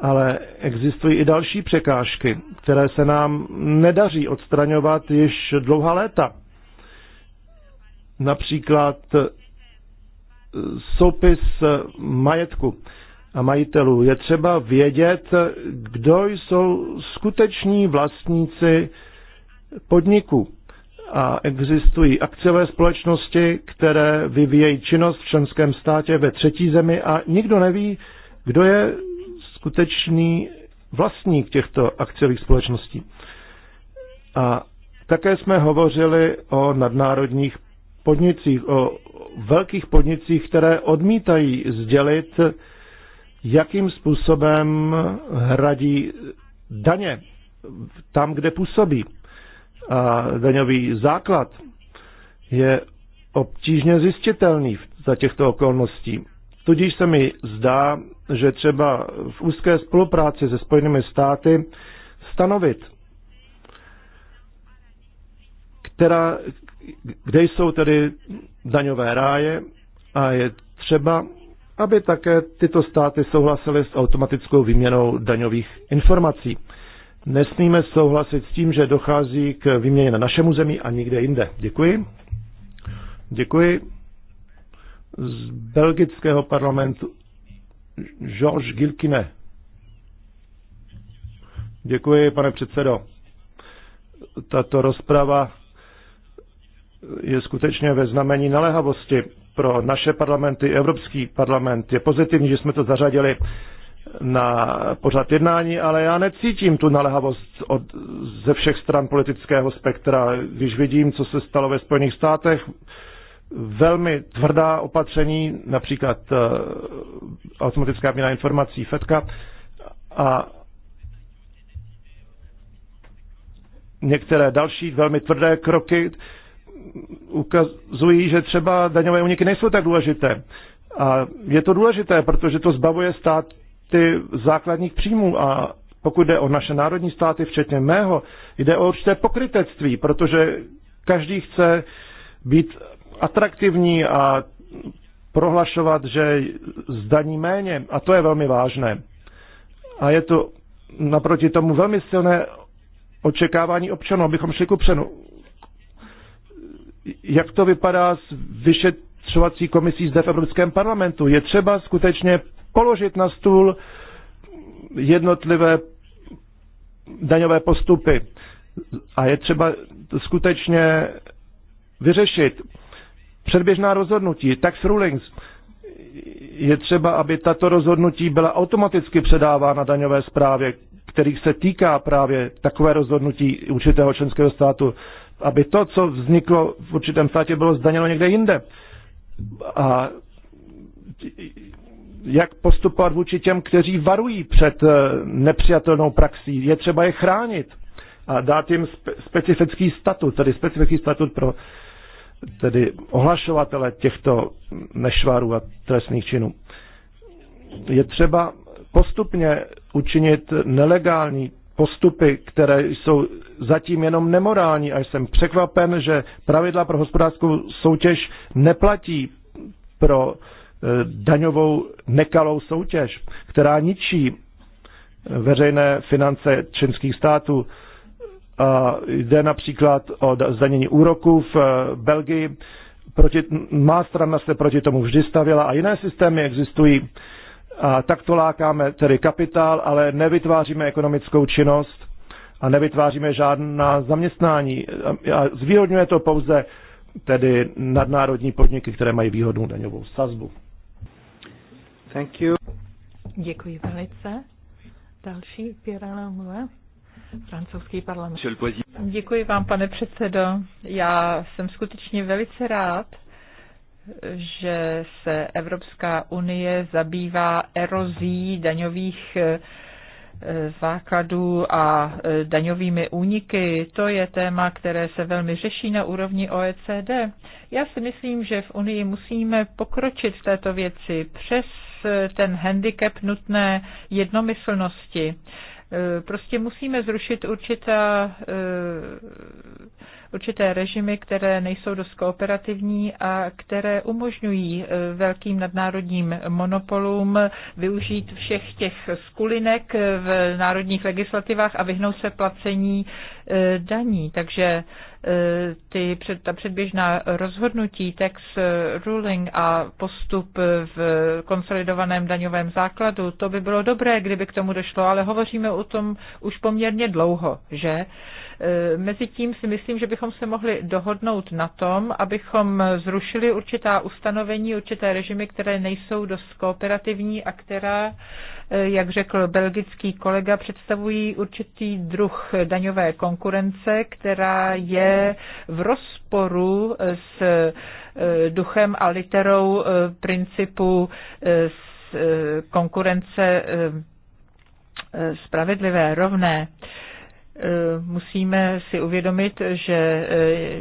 ale existují i další překážky, které se nám nedaří odstraňovat již dlouhá léta. Například e, soupis e, majetku a majitelů. Je třeba vědět, kdo jsou skuteční vlastníci podniků a existují akciové společnosti, které vyvíjejí činnost v členském státě ve třetí zemi a nikdo neví, kdo je skutečný vlastník těchto akciových společností. A také jsme hovořili o nadnárodních podnicích, o velkých podnicích, které odmítají sdělit, jakým způsobem hradí daně tam, kde působí a daňový základ je obtížně zjistitelný za těchto okolností. Tudíž se mi zdá, že třeba v úzké spolupráci se Spojenými státy stanovit, která, kde jsou tedy daňové ráje a je třeba, aby také tyto státy souhlasily s automatickou výměnou daňových informací. Nesmíme souhlasit s tím, že dochází k výměně na našem území a nikde jinde. Děkuji. Děkuji. Z belgického parlamentu Georges Gilkine. Děkuji, pane předsedo. Tato rozprava je skutečně ve znamení naléhavosti pro naše parlamenty. Evropský parlament je pozitivní, že jsme to zařadili na pořad jednání, ale já necítím tu naléhavost od, ze všech stran politického spektra. Když vidím, co se stalo ve Spojených státech, velmi tvrdá opatření, například uh, automatická měna informací FEDka a některé další velmi tvrdé kroky ukazují, že třeba daňové uniky nejsou tak důležité. A je to důležité, protože to zbavuje stát ty základních příjmů a pokud jde o naše národní státy, včetně mého, jde o určité pokrytectví, protože každý chce být atraktivní a prohlašovat, že zdaní méně a to je velmi vážné. A je to naproti tomu velmi silné očekávání občanů, abychom šli ku přenu. Jak to vypadá s vyšetřovací komisí zde v Evropském parlamentu? Je třeba skutečně položit na stůl jednotlivé daňové postupy. A je třeba skutečně vyřešit předběžná rozhodnutí, tax rulings. Je třeba, aby tato rozhodnutí byla automaticky předávána daňové zprávě, kterých se týká právě takové rozhodnutí určitého členského státu, aby to, co vzniklo v určitém státě, bylo zdaněno někde jinde. A jak postupovat vůči těm, kteří varují před eh, nepřijatelnou praxí. Je třeba je chránit a dát jim specifický statut, tedy specifický statut pro tedy ohlašovatele těchto nešvarů a trestných činů. Je třeba postupně učinit nelegální postupy, které jsou zatím jenom nemorální a jsem překvapen, že pravidla pro hospodářskou soutěž neplatí pro uh, Eh, daňovou nekalou soutěž, která ničí eh, veřejné finance členských států. A jde například o zdanění úroků v eh, Belgii. Proti, má strana se proti tomu vždy stavila a jiné systémy existují. A takto lákáme tedy kapitál, ale nevytváříme ekonomickou činnost a nevytváříme žádná zaměstnání. A zvýhodňuje to pouze tedy nadnárodní podniky, které mají výhodnou daňovou sazbu. Thank you.
Děkuji velice. Další Pierre Lamoué, francouzský parlament. Děkuji vám, pane předsedo. Já jsem skutečně
velice rád, že se Evropská unie zabývá erozí daňových eh, základů a eh, daňovými úniky. To je téma, které se velmi řeší na úrovni OECD. Já si myslím, že v Unii musíme pokročit v této věci přes ten handicap nutné jednomyslnosti. E, prostě musíme zrušit určitá, e, určité režimy, které nejsou dost kooperativní a které umožňují e, velkým nadnárodním monopolům využít všech těch skulinek v národních legislativách a vyhnout se placení daní. Takže ty před, ta předběžná rozhodnutí, tax ruling a postup v konsolidovaném daňovém základu, to by bylo dobré, kdyby k tomu došlo, ale hovoříme o tom už poměrně dlouho, že? E, Mezitím si myslím, že bychom se mohli dohodnout na tom, abychom zrušili určitá ustanovení, určité režimy, které nejsou dost kooperativní a která Eh, jak řekl belgický kolega, představují určitý druh daňové konkurence, která je v rozporu eh, s eh, duchem a literou principu konkurence spravedlivé, rovné musíme si uvědomit, že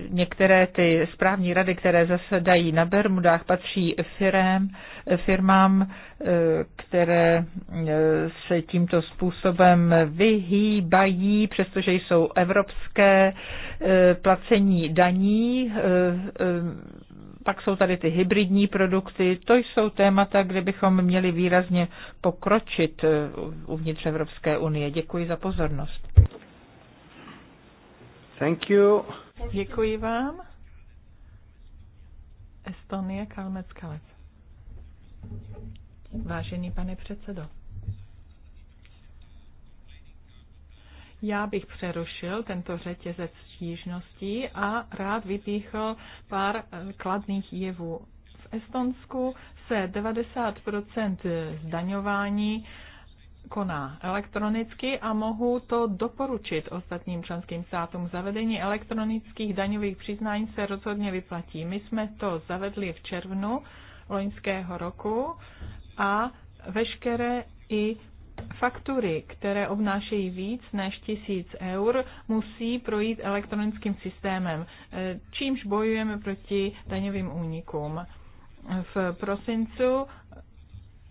některé ty správní rady, které zasedají na Bermudách, patří firem, firmám, eh, které eh, se tímto způsobem vyhýbají, přestože jsou evropské eh, placení daní pak jsou tady ty hybridní produkty, to jsou témata, kde bychom měli výrazně pokročit uvnitř Evropské unie. Děkuji za pozornost.
Thank you. Děkuji vám. Estonie, Kalmec, Kalec. Vážený pane předsedo, já bych přerušil tento řetězec stížností a rád vypíchl pár eh, kladných jevů. V Estonsku se 90 zdaňování koná elektronicky a mohu to doporučit ostatním členským státům. Zavedení elektronických daňových přiznání se rozhodně vyplatí. My jsme to zavedli v červnu loňského roku a veškeré i faktury, které obnášejí víc než tisíc eur, musí projít elektronickým systémem, eh, čímž bojujeme proti daňovým únikům. V prosincu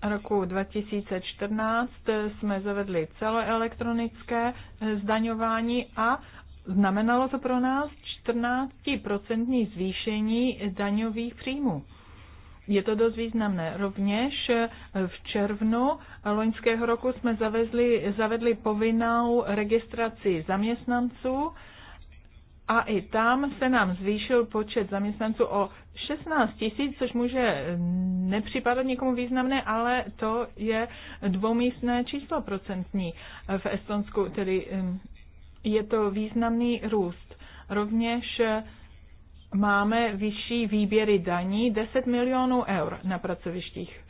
roku 2014 jsme zavedli celoelektronické eh, zdaňování a znamenalo to pro nás 14% zvýšení daňových příjmů. Je to dost významné. Rovněž eh, v červnu loňského roku jsme zavezli, zavedli povinnou registraci zaměstnanců a i tam se nám zvýšil počet zaměstnanců o 16 tisíc, což může eh, nepřipadat někomu významné, ale to je dvoumístné číslo procentní eh, v Estonsku, tedy je to významný růst. Rovněž máme vyšší výběry daní 10 milionů eur na pracovištích.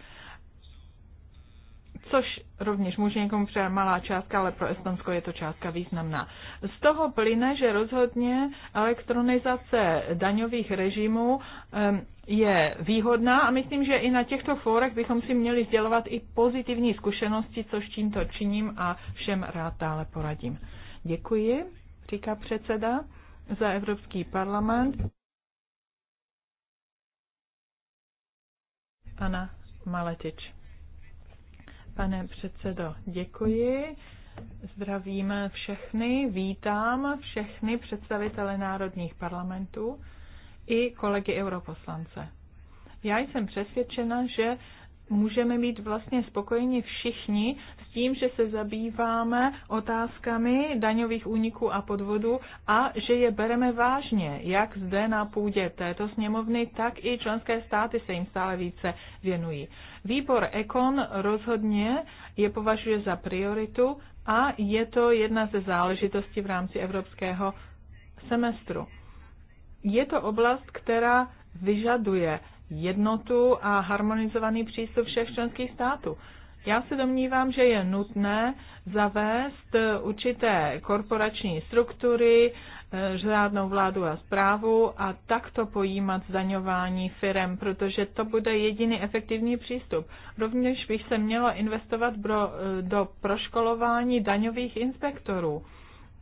Což rovněž může někomu přijat malá částka, ale pro Estonsko je to částka významná. Z toho plyne, že rozhodně elektronizace daňových režimů je výhodná a myslím, že i na těchto fórech bychom si měli sdělovat i pozitivní zkušenosti, což tímto činím a všem rád dále poradím. Děkuji, říká předseda za Evropský parlament. pana Maletič. Pane předsedo, děkuji. Zdravím všechny, vítám všechny představitele národních parlamentů i kolegy europoslance. Já jsem přesvědčena, že můžeme být vlastně spokojeni všichni s tím, že se zabýváme otázkami daňových úniků a podvodů a že je bereme vážně, jak zde na půdě této sněmovny, tak i členské státy se jim stále více věnují. Výbor Ekon rozhodně je považuje za prioritu a je to jedna ze záležitostí v rámci evropského semestru. Je to oblast, která vyžaduje jednotu a harmonizovaný přístup všech členských států. Já se domnívám, že je nutné zavést určité korporační struktury, eh, řádnou vládu a zprávu a takto pojímat zdaňování firem, protože to bude jediný efektivní přístup. Rovněž bych se mělo investovat do, eh, do proškolování daňových inspektorů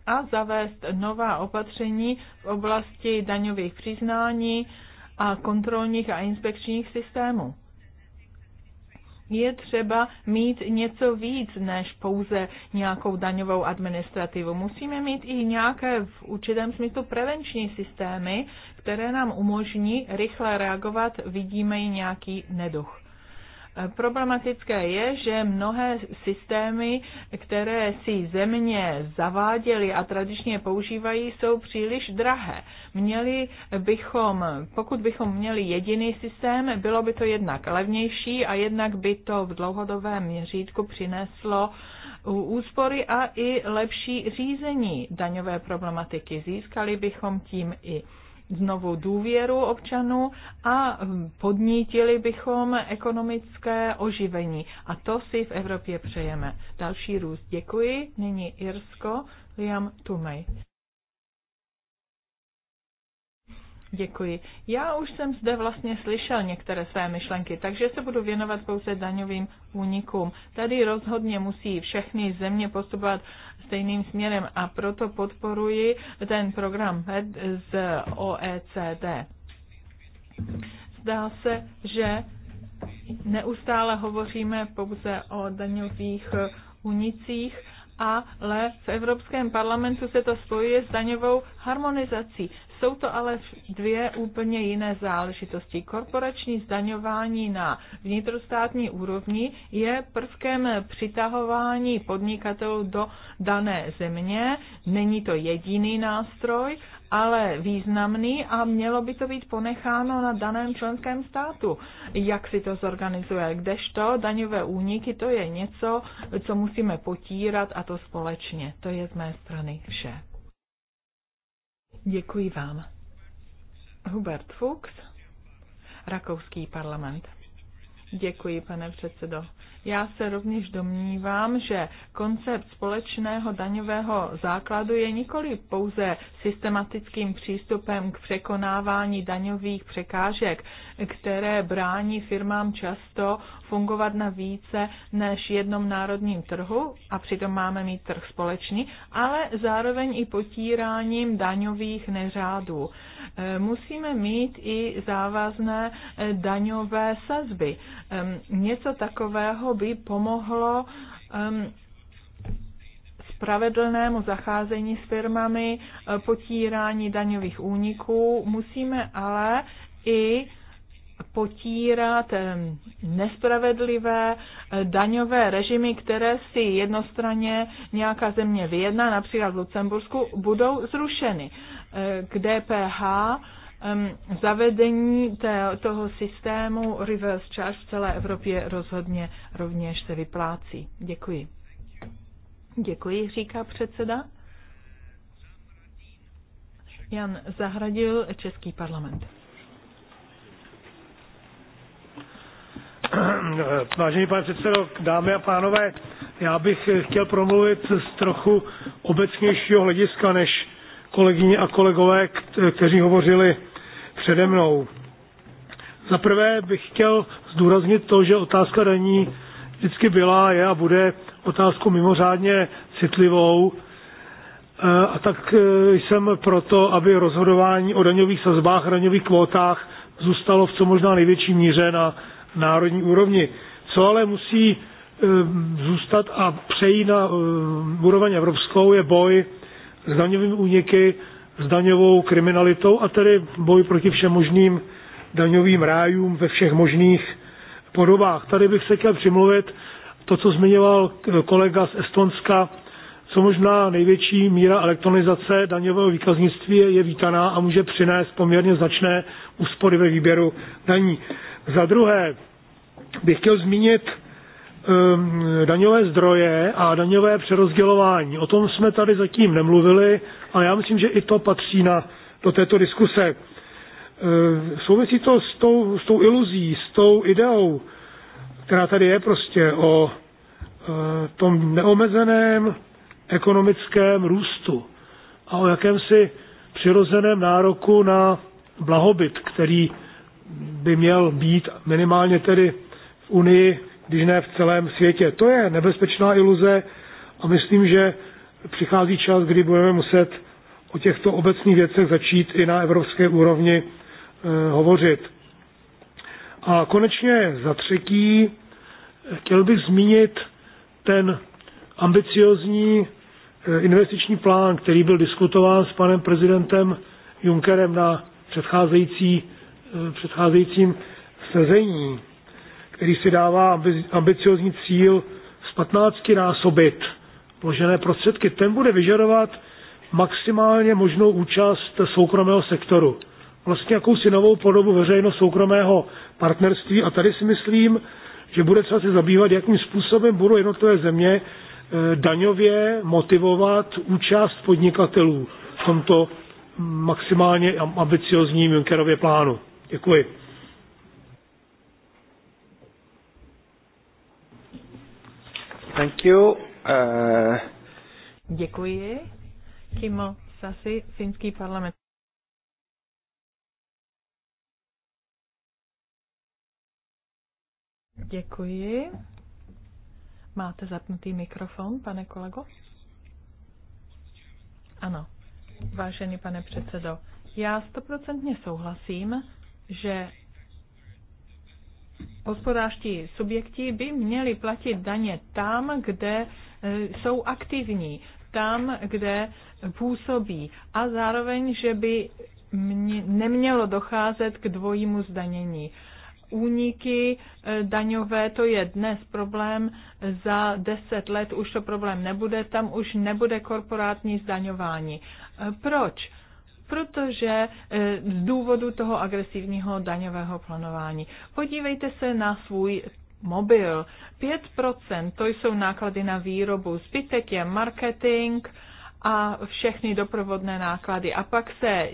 a zavést nová opatření v oblasti daňových přiznání, a kontrolních a inspekčních systémů. Je třeba mít něco víc než pouze nějakou daňovou administrativu. Musíme mít i nějaké v určitém smyslu prevenční systémy, které nám umožní rychle reagovat, vidíme i nějaký neduch. Problematické je, že mnohé systémy, které si země zaváděly a tradičně používají, jsou příliš drahé. Měli bychom, pokud bychom měli jediný systém, bylo by to jednak levnější a jednak by to v dlouhodobém měřítku přineslo úspory a i lepší řízení daňové problematiky. Získali bychom tím i znovu důvěru občanů a podnítili bychom ekonomické oživení. A to si v Evropě přejeme. Další růst. Děkuji. Nyní Irsko, Liam Tumej. Děkuji. Já už jsem zde vlastně slyšel některé své myšlenky, takže se budu věnovat pouze daňovým únikům. Tady rozhodně musí všechny země postupovat stejným směrem a proto podporuji ten program PED z OECD. Zdá se, že neustále hovoříme pouze o daňových unicích, ale v Evropském parlamentu se to spojuje s daňovou harmonizací. Jsou to ale dvě úplně jiné záležitosti. Korporační zdaňování na vnitrostátní úrovni je prvkem přitahování podnikatelů do dané země. Není to jediný nástroj, ale významný a mělo by to být ponecháno na daném členském státu, jak si to zorganizuje. Kdežto daňové úniky, to je něco, co musíme potírat a to společně. To je z mé strany vše. Děkuji vám. Hubert Fuchs, Rakouský parlament. Děkuji, pane předsedo. Já se rovněž domnívám, že koncept společného daňového základu je nikoli pouze systematickým přístupem k překonávání daňových překážek, které brání firmám často fungovat na více než jednom národním trhu, a přitom máme mít trh společný, ale zároveň i potíráním daňových neřádů. E, musíme mít i závazné daňové sazby něco takového by pomohlo spravedlnému zacházení s firmami, eh, potírání daňových úniků. Musíme ale i potírat nespravedlivé eh, daňové režimy, které si jednostranně nějaká země vyjedná, například v Lucembursku, budou zrušeny. Eh, k DPH zavedení toho systému reverse charge v celé Evropě rozhodně rovněž se vyplácí. Děkuji. Děkuji, říká předseda. Jan Zahradil, Český parlament.
<clears throat> Vážený pane předsedo, dámy a pánové, já bych chtěl promluvit z trochu obecnějšího hlediska než kolegyně a kolegové, kteří hovořili přede mnou. Za prvé bych chtěl zdůraznit to, že otázka daní vždycky byla, je a bude otázkou mimořádně citlivou. E, a tak e, jsem proto, aby rozhodování o daňových sazbách, daňových kvótách zůstalo v co možná největší míře na národní úrovni. Co ale musí e, zůstat a přejít na úroveň evropskou je boj s daňovými úniky, s daňovou kriminalitou a tedy boj proti všem možným daňovým rájům ve všech možných podobách. Tady bych se chtěl přimluvit to, co zmiňoval kolega z Estonska, co možná největší míra elektronizace daňového výkaznictví je vítaná a může přinést poměrně značné úspory ve výběru daní. Za druhé bych chtěl zmínit Ehm, daňové zdroje a daňové přerozdělování. O tom jsme tady zatím nemluvili, ale já myslím, že i to patří na, do této diskuse. Ehm, souvisí to s tou, s tou iluzí, s tou ideou, která tady je prostě o ehm, tom neomezeném ekonomickém růstu a o jakémsi přirozeném nároku na blahobyt, který by měl být minimálně tedy v Unii když ne v celém světě. To je nebezpečná iluze a myslím, že přichází čas, kdy budeme muset o těchto obecných věcech začít i na evropské úrovni eh, hovořit. A konečně za třetí chtěl bych zmínit ten ambiciozní eh, investiční plán, který byl diskutován s panem prezidentem Junckerem na předcházející, eh, předcházejícím sezení který si dává ambiciozní cíl z 15 násobit vložené prostředky, ten bude vyžadovat maximálně možnou účast soukromého sektoru. Vlastně jakousi novou podobu veřejno-soukromého partnerství a tady si myslím, že bude třeba se zabývat, jakým způsobem budou jednotlivé země eh, daňově motivovat účast podnikatelů v tomto maximálně ambiciozním Junckerově plánu. Děkuji.
Thank you. Uh...
Děkuji. Kimo Sasi, finský parlament. Děkuji. Máte zapnutý mikrofon, pane kolego? Ano. Vážený pane předsedo, já stoprocentně souhlasím, že hospodářští subjekti by měli platit daně tam, kde e, jsou aktivní, tam, kde působí a zároveň, že by nemělo docházet k dvojímu zdanění. Úniky e, daňové, to je dnes problém, za deset let už to problém nebude, tam už nebude korporátní zdaňování. E, proč? protože eh, z důvodu toho agresivního daňového plánování. Podívejte se na svůj mobil. 5% to jsou náklady na výrobu, zbytek je marketing a všechny doprovodné náklady. A pak se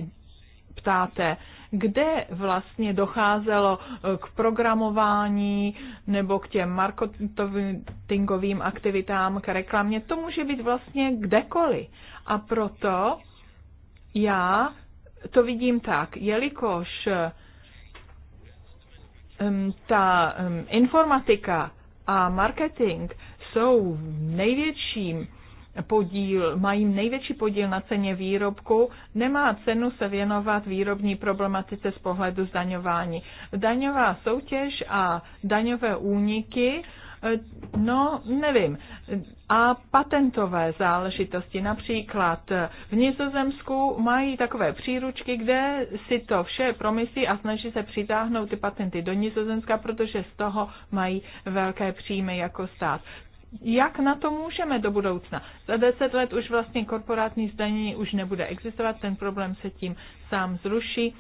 ptáte, kde vlastně docházelo eh, k programování nebo k těm marketingovým aktivitám, k reklamě, to může být vlastně kdekoliv. A proto já to vidím tak, jelikož ta informatika a marketing jsou největším podíl, mají největší podíl na ceně výrobku, nemá cenu se věnovat výrobní problematice z pohledu zdaňování. Daňová soutěž a daňové úniky Eh, no, nevím. A patentové záležitosti, například eh, v Nizozemsku mají takové příručky, kde si to vše promyslí a snaží se přitáhnout ty patenty do Nizozemska, protože z toho mají velké příjmy jako stát jak na to můžeme do budoucna. Za deset let už vlastně korporátní zdanění už nebude existovat, ten problém se tím sám zruší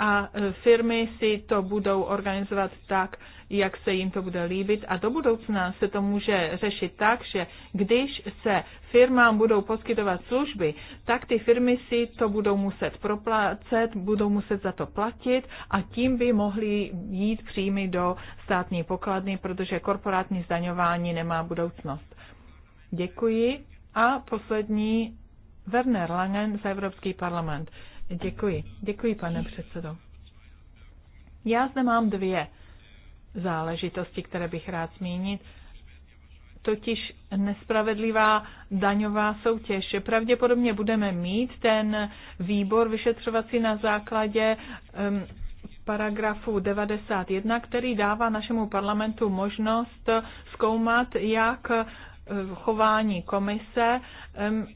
a e, firmy si to budou organizovat tak, jak se jim to bude líbit a do budoucna se to může řešit tak, že když se firmám budou poskytovat služby, tak ty firmy si to budou muset proplácet, budou muset za to platit a tím by mohly jít příjmy do státní pokladny, protože korporátní zdaňování nemá budoucnost. Děkuji. A poslední Werner Langen za Evropský parlament. Děkuji. Děkuji, pane předsedo. Já zde mám dvě záležitosti, které bych rád zmínit totiž nespravedlivá daňová soutěž. Pravděpodobně budeme mít ten výbor vyšetřovací na základě um, paragrafu 91, který dává našemu parlamentu možnost zkoumat, jak chování komise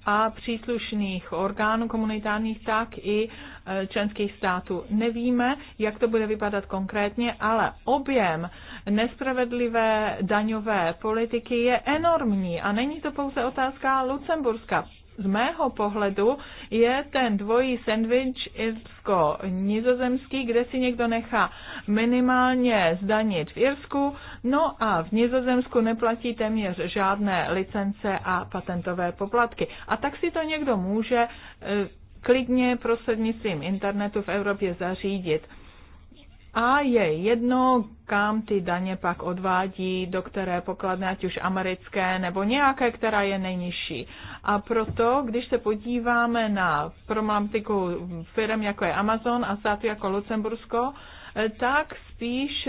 a příslušných orgánů komunitárních, tak i e, členských států. Nevíme, jak to bude vypadat konkrétně, ale objem nespravedlivé daňové politiky je enormní a není to pouze otázka Lucemburska z mého pohledu je ten dvojí sandwich irsko-nizozemský, kde si někdo nechá minimálně zdanit v Irsku, no a v Nizozemsku neplatí téměř žádné licence a patentové poplatky. A tak si to někdo může eh, klidně prostřednictvím internetu v Evropě zařídit a je jedno, kam ty daně pak odvádí, do které pokladne, ať už americké nebo nějaké, která je nejnižší. A proto, když se podíváme na problematiku firm jako je Amazon a státu jako Lucembursko, tak spíš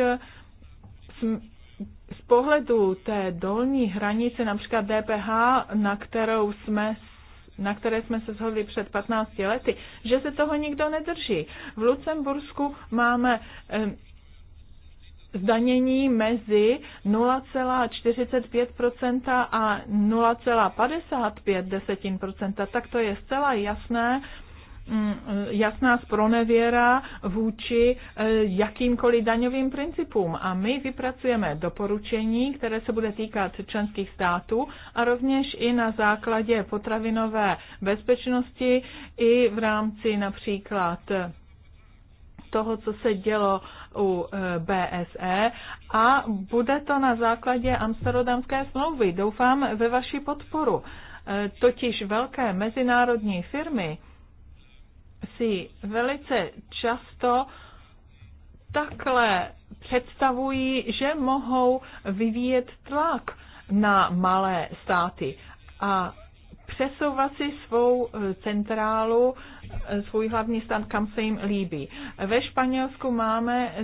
z pohledu té dolní hranice, například DPH, na kterou jsme na které jsme se shodli před 15 lety, že se toho nikdo nedrží. V Lucembursku máme zdanění mezi 0,45% a 0,55%, tak to je zcela jasné, Mm, jasná spronevěra vůči e, jakýmkoliv daňovým principům. A my vypracujeme doporučení, které se bude týkat členských států a rovněž i na základě potravinové bezpečnosti i v rámci například toho, co se dělo u BSE e. a bude to na základě Amsterdamské smlouvy. Doufám ve vaši podporu. E, totiž velké mezinárodní firmy, si velice často takhle představují, že mohou vyvíjet tlak na malé státy a přesouvat si svou eh, centrálu, eh, svůj hlavní stát, kam se jim líbí. Ve Španělsku máme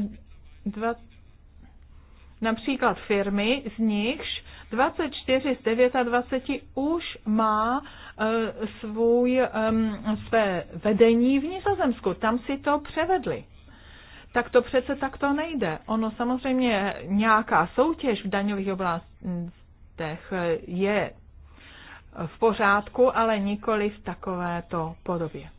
dva, například firmy, z nichž 24 z 29 už má e, svůj, e, své vedení v Nizozemsku. Tam si to převedli tak to přece takto nejde. Ono samozřejmě nějaká soutěž v daňových oblastech je v pořádku, ale nikoli v takovéto podobě.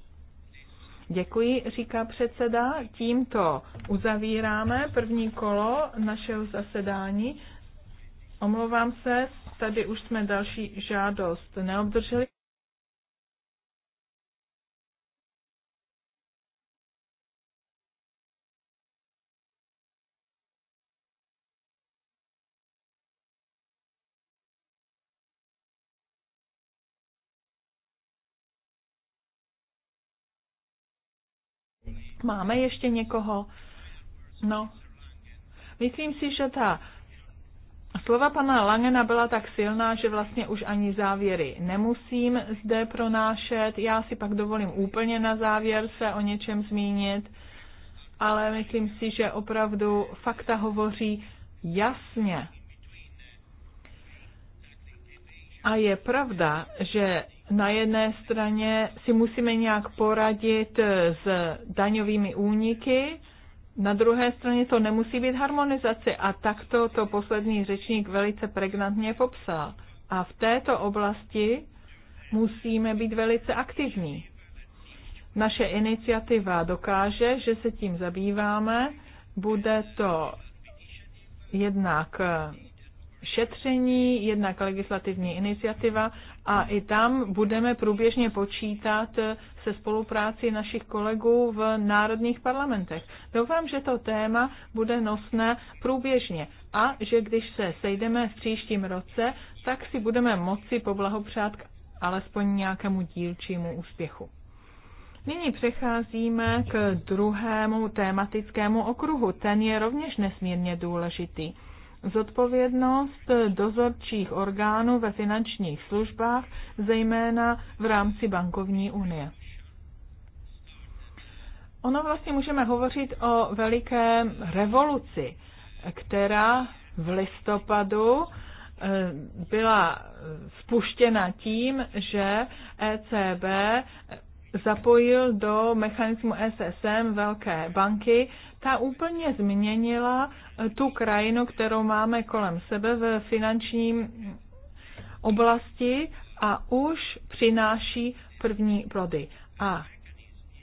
Děkuji, říká předseda. Tímto uzavíráme první kolo našeho zasedání. Omlouvám se, tady už jsme další žádost neobdrželi. Máme ještě někoho? No, myslím si, že ta slova pana Langena byla tak silná, že vlastně už ani závěry nemusím zde pronášet. Já si pak dovolím úplně na závěr se o něčem zmínit, ale myslím si, že opravdu fakta hovoří jasně. A je pravda, že na jedné straně si musíme nějak poradit s daňovými úniky, na druhé straně to nemusí být harmonizace a takto to poslední řečník velice pregnantně popsal. A v této oblasti musíme být velice aktivní. Naše iniciativa dokáže, že se tím zabýváme, bude to jednak šetření, jednak legislativní iniciativa a i tam budeme průběžně počítat eh, se spolupráci našich kolegů v národních parlamentech. Doufám, že to téma bude nosné průběžně a že když se sejdeme v příštím roce, tak si budeme moci poblahopřát k alespoň nějakému dílčímu úspěchu. Nyní přecházíme k druhému tématickému okruhu. Ten je rovněž nesmírně důležitý zodpovědnost dozorčích orgánů ve finančních službách, zejména v rámci bankovní unie. Ono vlastně můžeme hovořit o veliké revoluci, která v listopadu eh, byla spuštěna tím, že ECB zapojil do mechanismu SSM velké banky ta úplně změnila eh, tu krajinu, kterou máme kolem sebe ve finančním oblasti a už přináší první plody. A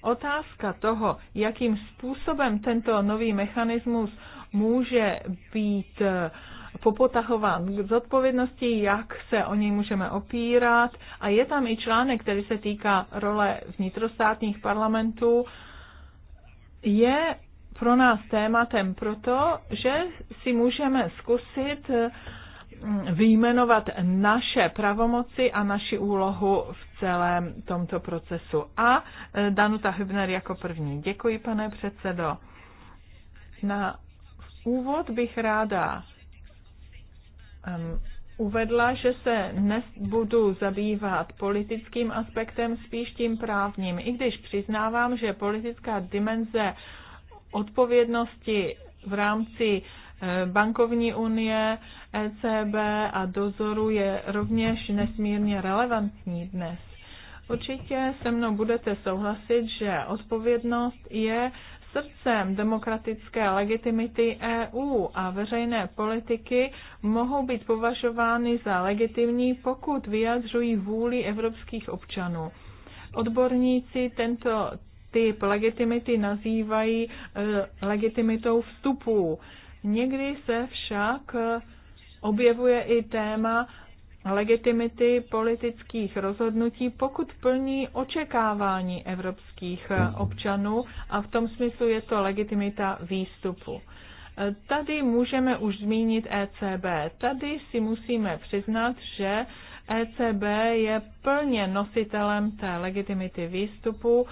otázka toho, jakým způsobem tento nový mechanismus může být eh, popotahován k zodpovědnosti, jak se o něj můžeme opírat. A je tam i článek, který se týká role vnitrostátních parlamentů. Je pro nás tématem proto, že si můžeme zkusit eh, vyjmenovat naše pravomoci a naši úlohu v celém tomto procesu. A eh, Danuta Hübner jako první. Děkuji, pane předsedo. Na úvod bych ráda um, uvedla, že se nebudu zabývat politickým aspektem, spíš tím právním, i když přiznávám, že politická dimenze odpovědnosti v rámci eh, bankovní unie, ECB a dozoru je rovněž nesmírně relevantní dnes. Určitě se mnou budete souhlasit, že odpovědnost je srdcem demokratické legitimity EU a veřejné politiky mohou být považovány za legitimní, pokud vyjadřují vůli evropských občanů. Odborníci tento typ legitimity nazývají e, legitimitou vstupu. Někdy se však e, objevuje i téma legitimity politických rozhodnutí, pokud plní očekávání evropských e, občanů a v tom smyslu je to legitimita výstupu. Tady můžeme už zmínit ECB. Tady si musíme přiznat, že ECB je plně nositelem té legitimity výstupu,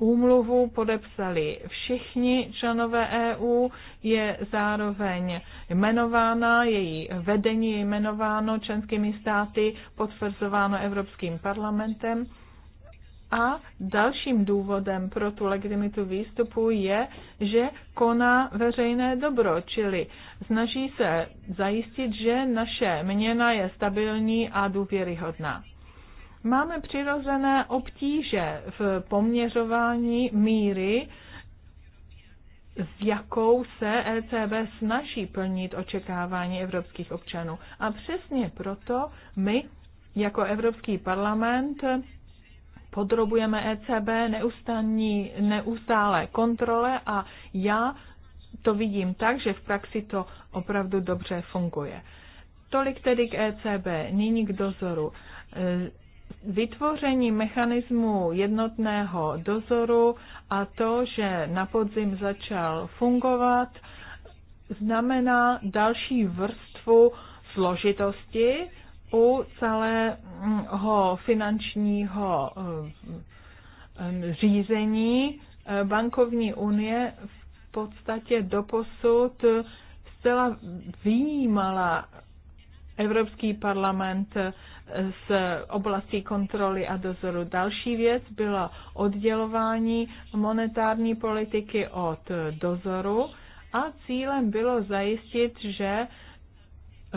úmluvu podepsali všichni členové EU, je zároveň jmenována, její vedení je jmenováno členskými státy, potvrzováno Evropským parlamentem. A dalším důvodem pro tu legitimitu výstupu je, že koná veřejné dobro, čili snaží se zajistit, že naše měna je stabilní a důvěryhodná. Máme přirozené obtíže v poměřování míry, s jakou se ECB snaží plnit očekávání evropských občanů. A přesně proto my jako Evropský parlament podrobujeme ECB neustání, neustále kontrole a já to vidím tak, že v praxi to opravdu dobře funguje. Tolik tedy k ECB, nyní k dozoru vytvoření mechanismu jednotného dozoru a to, že na podzim začal fungovat, znamená další vrstvu složitosti u celého finančního eh, eh, řízení eh, bankovní unie v podstatě doposud zcela vyjímala Evropský parlament eh, z oblasti kontroly a dozoru. Další věc bylo oddělování monetární politiky od dozoru a cílem bylo zajistit, že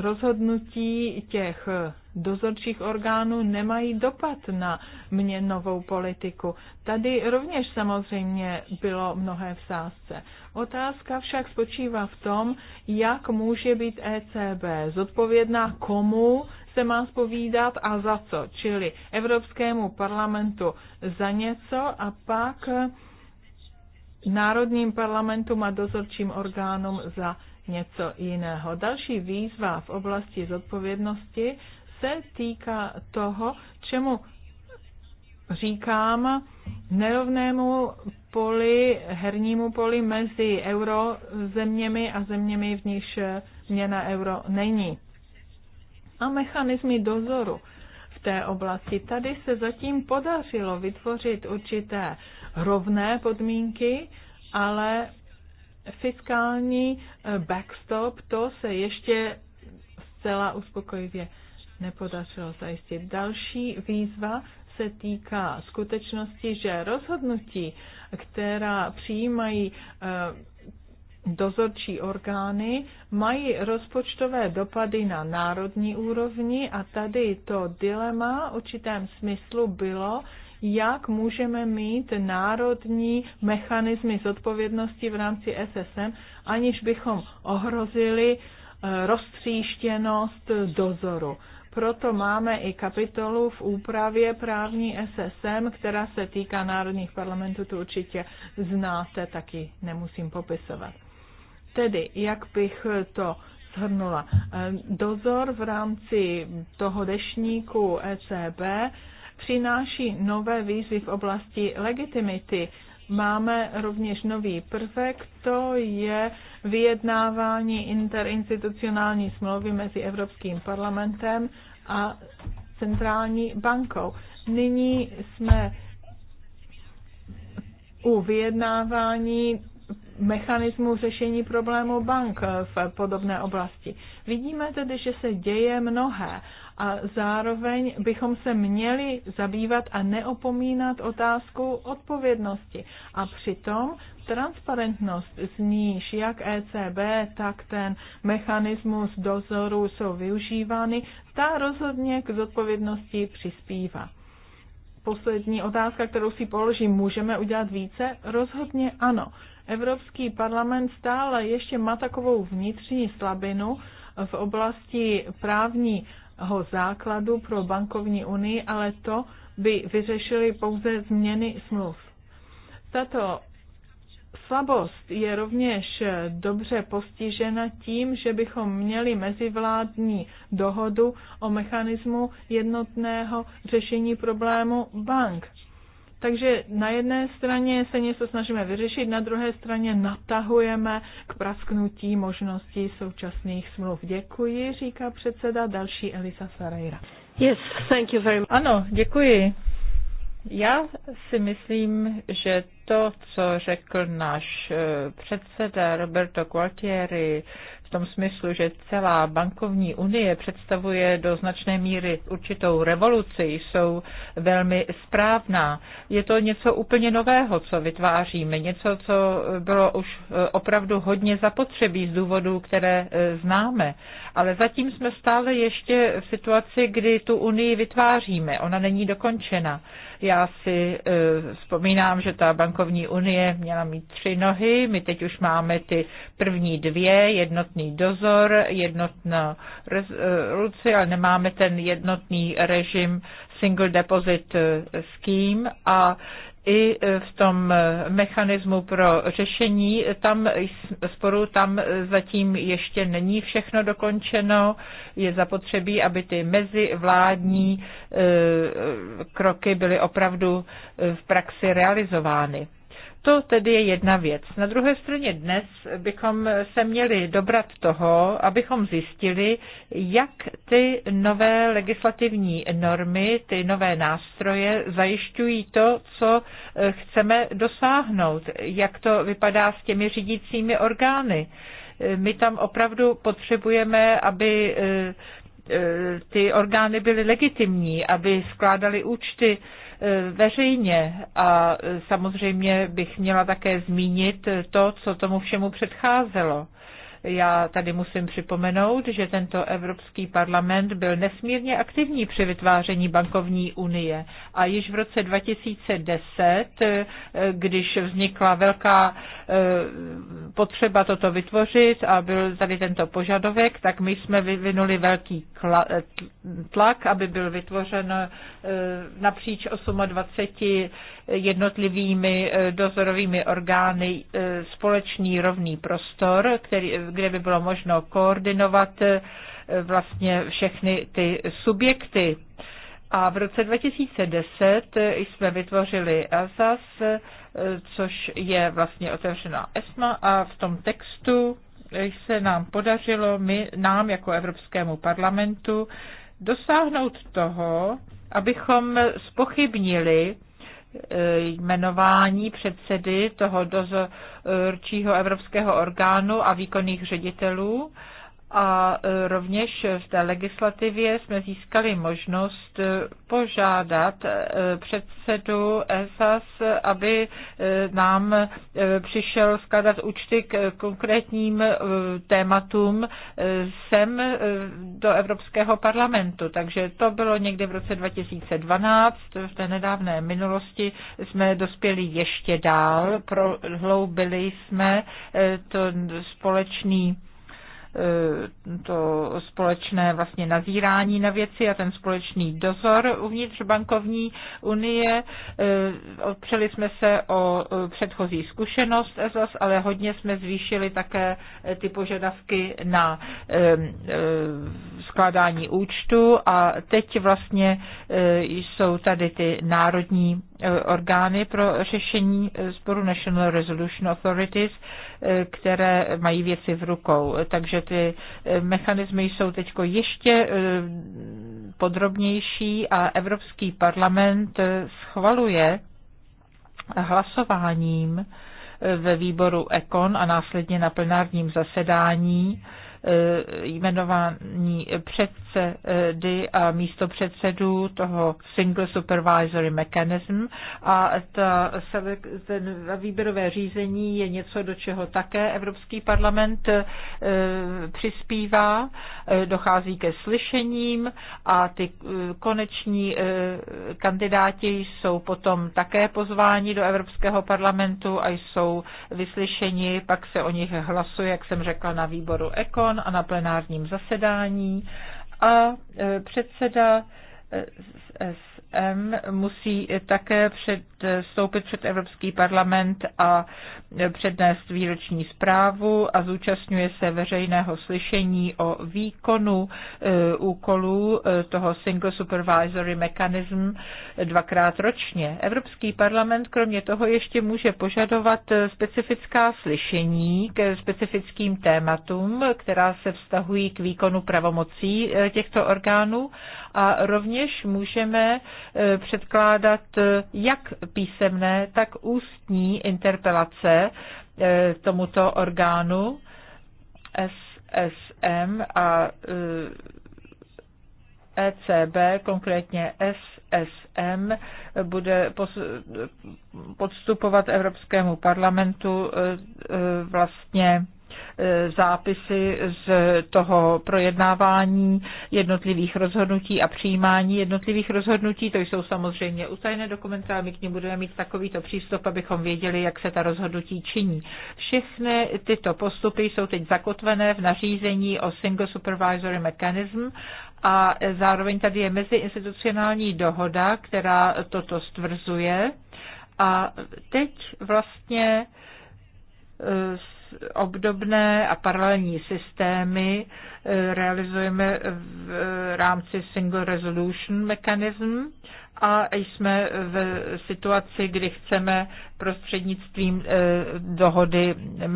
rozhodnutí těch dozorčích orgánů nemají dopad na měnovou politiku. Tady rovněž samozřejmě bylo mnohé v sázce. Otázka však spočívá v tom, jak může být ECB zodpovědná komu se má spovídat a za co, čili Evropskému parlamentu za něco a pak národním parlamentům a dozorčím orgánům za něco jiného. Další výzva v oblasti zodpovědnosti se týká toho, čemu říkám nerovnému poli, hernímu poli mezi euro zeměmi a zeměmi, v níž měna euro není. A mechanizmy dozoru v té oblasti. Tady se zatím podařilo vytvořit určité rovné podmínky, ale Fiskální eh, backstop, to se ještě zcela uspokojivě nepodařilo zajistit. Další výzva se týká skutečnosti, že rozhodnutí, která přijímají eh, dozorčí orgány, mají rozpočtové dopady na národní úrovni a tady to dilema v určitém smyslu bylo, jak můžeme mít národní mechanismy zodpovědnosti v rámci SSM, aniž bychom ohrozili eh, roztříštěnost dozoru. Proto máme i kapitolu v úpravě právní SSM, která se týká národních parlamentů, to určitě znáte, taky nemusím popisovat. Tedy, jak bych to shrnula. Eh, dozor v rámci toho dešníku ECB přináší nové výzvy v oblasti legitimity. Máme rovněž nový prvek, to je vyjednávání interinstitucionální smlouvy mezi Evropským parlamentem a centrální bankou. Nyní jsme u vyjednávání mechanismu řešení problému bank v podobné oblasti. Vidíme tedy, že se děje mnohé a zároveň bychom se měli zabývat a neopomínat otázku odpovědnosti. A přitom transparentnost, z níž jak ECB, tak ten mechanismus dozoru jsou využívány, ta rozhodně k zodpovědnosti přispívá poslední otázka, kterou si položím, můžeme udělat více? Rozhodně ano. Evropský parlament stále ještě má takovou vnitřní slabinu v oblasti právního základu pro bankovní unii, ale to by vyřešili pouze změny smluv. Tato slabost je rovněž dobře postižena tím, že bychom měli mezivládní dohodu o mechanismu jednotného řešení problému bank. Takže na jedné straně se něco snažíme vyřešit, na druhé straně natahujeme k prasknutí možností současných smluv. Děkuji, říká předseda další Elisa Sarajra. Yes, thank you very much. Ano, děkuji. Já
si myslím, že to, co řekl náš eh, předseda Roberto Gualtieri v tom smyslu, že celá bankovní unie představuje do značné míry určitou revoluci, jsou velmi správná. Je to něco úplně nového, co vytváříme, něco, co bylo už eh, opravdu hodně zapotřebí z důvodů, které eh, známe. Ale zatím jsme stále ještě v situaci, kdy tu unii vytváříme. Ona není dokončena. Já si vzpomínám, že ta bankovní bankovní unie měla mít tři nohy. My teď už máme ty první dvě, jednotný dozor, jednotná eh, ruce, ale nemáme ten jednotný režim single deposit eh, scheme a i e, v tom e, mechanismu pro řešení tam sporu tam e, zatím ještě není všechno dokončeno. Je zapotřebí, aby ty mezivládní kroky byly opravdu v praxi realizovány. To tedy je jedna věc. Na druhé straně dnes bychom se měli dobrat toho, abychom zjistili, jak ty nové legislativní normy, ty nové nástroje zajišťují to, co eh, chceme dosáhnout, jak to vypadá s těmi řídícími orgány. Eh, my tam opravdu potřebujeme, aby eh, ty orgány byly legitimní, aby skládaly účty veřejně. A samozřejmě bych měla také zmínit to, co tomu všemu předcházelo. Já tady musím připomenout, že tento Evropský parlament byl nesmírně aktivní při vytváření bankovní unie a již v roce 2010, eh, když vznikla velká eh, potřeba toto vytvořit a byl tady tento požadovek, tak my jsme vyvinuli velký eh, tlak, aby byl vytvořen napříč 28 jednotlivými eh, dozorovými orgány eh, společný rovný prostor, který, eh, kde by bylo možno koordinovat vlastně všechny ty subjekty. A v roce 2010 jsme vytvořili ASAS, e což je vlastně otevřená ESMA a v tom textu se nám podařilo, my, nám jako Evropskému parlamentu, dosáhnout toho, abychom spochybnili jmenování předsedy toho dozorčího evropského orgánu a výkonných ředitelů a e, rovněž v té legislativě jsme získali možnost e, požádat e, předsedu ESAS, aby nám přišel skladat účty k konkrétním tématům sem do Evropského parlamentu. Takže to bylo někdy v roce 2012, v té nedávné minulosti jsme dospěli ještě dál, prohloubili jsme to společný Eh, to společné vlastně nazírání na věci a ten společný dozor uvnitř bankovní unie. Eh, opřeli jsme se o eh, předchozí zkušenost ESOS, ale hodně jsme zvýšili také ty požadavky na skládání účtu a teď vlastně jsou tady ty národní orgány pro řešení sporu National Resolution Authorities, E, které mají věci v rukou. Takže ty e, mechanismy jsou teď ještě e, podrobnější a Evropský parlament schvaluje hlasováním ve výboru EKON a následně na plenárním zasedání E, jmenování předsedy a místo předsedů toho Single Supervisory Mechanism a ta, ten výběrové řízení je něco, do čeho také Evropský parlament e, přispívá Eh, dochází ke slyšením a ty eh, koneční eh, kandidáti jsou potom také pozváni do Evropského parlamentu a jsou vyslyšeni, pak se o nich hlasuje, jak jsem řekla, na výboru Ekon a na plenárním zasedání a předseda SM musí také předstoupit před Evropský parlament a přednést výroční zprávu a zúčastňuje se veřejného slyšení o výkonu e, úkolů e, toho Single Supervisory Mechanism dvakrát ročně. Evropský parlament kromě toho ještě může požadovat e, specifická slyšení k specifickým tématům, která se vztahují k výkonu pravomocí těchto orgánů a rovněž můžeme předkládat jak písemné, tak ústní interpelace Eh, tomuto orgánu SSM a ECB, eh, e konkrétně SSM, bude podstupovat Evropskému parlamentu eh, vlastně E, zápisy z toho projednávání jednotlivých rozhodnutí a přijímání jednotlivých rozhodnutí. To jsou samozřejmě utajené dokumenty ale my k ním budeme mít takovýto přístup, abychom věděli, jak se ta rozhodnutí činí. Všechny tyto postupy jsou teď zakotvené v nařízení o Single Supervisory Mechanism a zároveň tady je meziinstitucionální dohoda, která toto stvrzuje. A teď vlastně e, obdobné a paralelní systémy eh, realizujeme v rámci Single Resolution Mechanism a jsme v situaci, kdy chceme prostřednictvím eh, dohody, eh,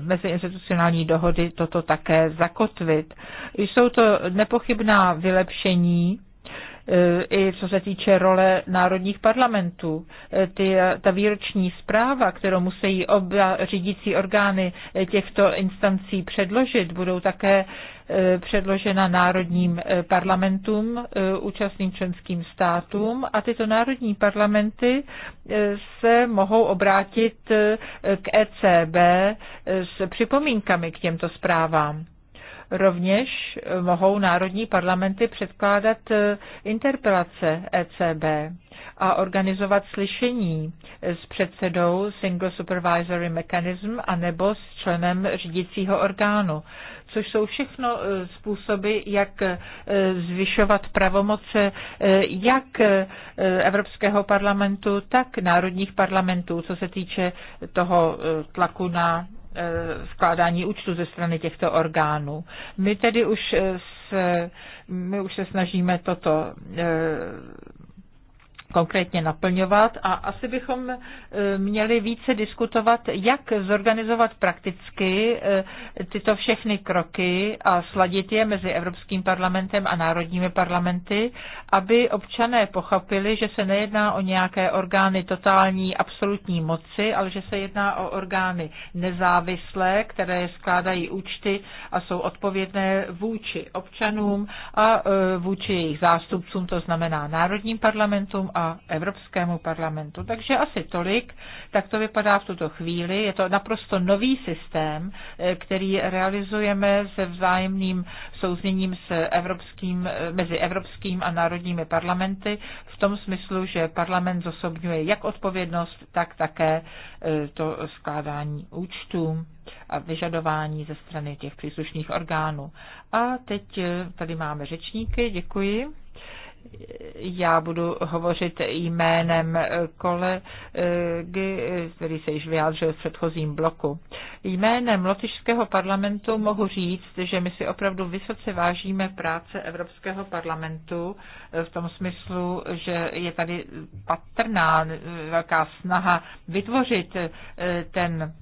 meziinstitucionální dohody toto také zakotvit. Jsou to nepochybná vylepšení, i co se týče role národních parlamentů. E, ty, ta výroční zpráva, kterou musí oba řídící orgány těchto instancí předložit, budou také e, předložena národním e, parlamentům, účastným členským státům a tyto národní parlamenty se mohou obrátit k ECB s připomínkami k těmto zprávám. Rovněž mohou národní parlamenty předkládat e, interpelace ECB a organizovat slyšení s předsedou Single Supervisory Mechanism a nebo s členem řídícího orgánu, což jsou všechno e, způsoby, jak e, zvyšovat pravomoce jak Evropského parlamentu, tak národních parlamentů, co se týče toho tlaku na Eh, vkládání účtu ze strany těchto orgánů. My tedy už eh, se, my už se snažíme toto eh, konkrétně naplňovat a asi bychom e, měli více diskutovat, jak zorganizovat prakticky e, tyto všechny kroky a sladit je mezi Evropským parlamentem a národními parlamenty, aby občané pochopili, že se nejedná o nějaké orgány totální absolutní moci, ale že se jedná o orgány nezávislé, které skládají účty a jsou odpovědné vůči občanům a e, vůči jejich zástupcům, to znamená národním parlamentům a Evropskému parlamentu. Takže asi tolik, tak to vypadá v tuto chvíli. Je to naprosto nový systém, eh, který realizujeme se vzájemným souzněním s evropským, eh, mezi evropským a národními parlamenty v tom smyslu, že parlament zosobňuje jak odpovědnost, tak také eh, to skládání účtů a vyžadování ze strany těch příslušných orgánů. A teď tady máme řečníky, děkuji já budu hovořit jménem kolegy, který se již vyjádřil v předchozím bloku. Jménem Lotyšského parlamentu mohu říct, že my si opravdu vysoce vážíme práce Evropského parlamentu v tom smyslu, že je tady patrná velká snaha vytvořit ten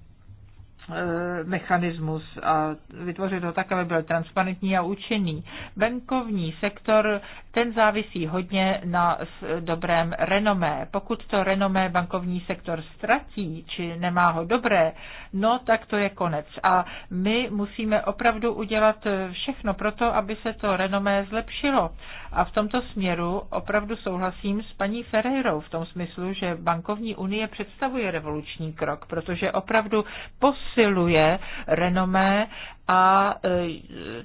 Eh, mechanismus a vytvořit ho tak, aby byl transparentní a účinný. Bankovní sektor, ten závisí hodně na dobrém renomé. Pokud to renomé bankovní sektor ztratí, či nemá ho dobré, no tak to je konec. A my musíme opravdu udělat všechno pro to, aby se to renomé zlepšilo. A v tomto směru opravdu souhlasím s paní Ferreirou v tom smyslu, že bankovní unie představuje revoluční krok, protože opravdu pos posiluje renomé a e,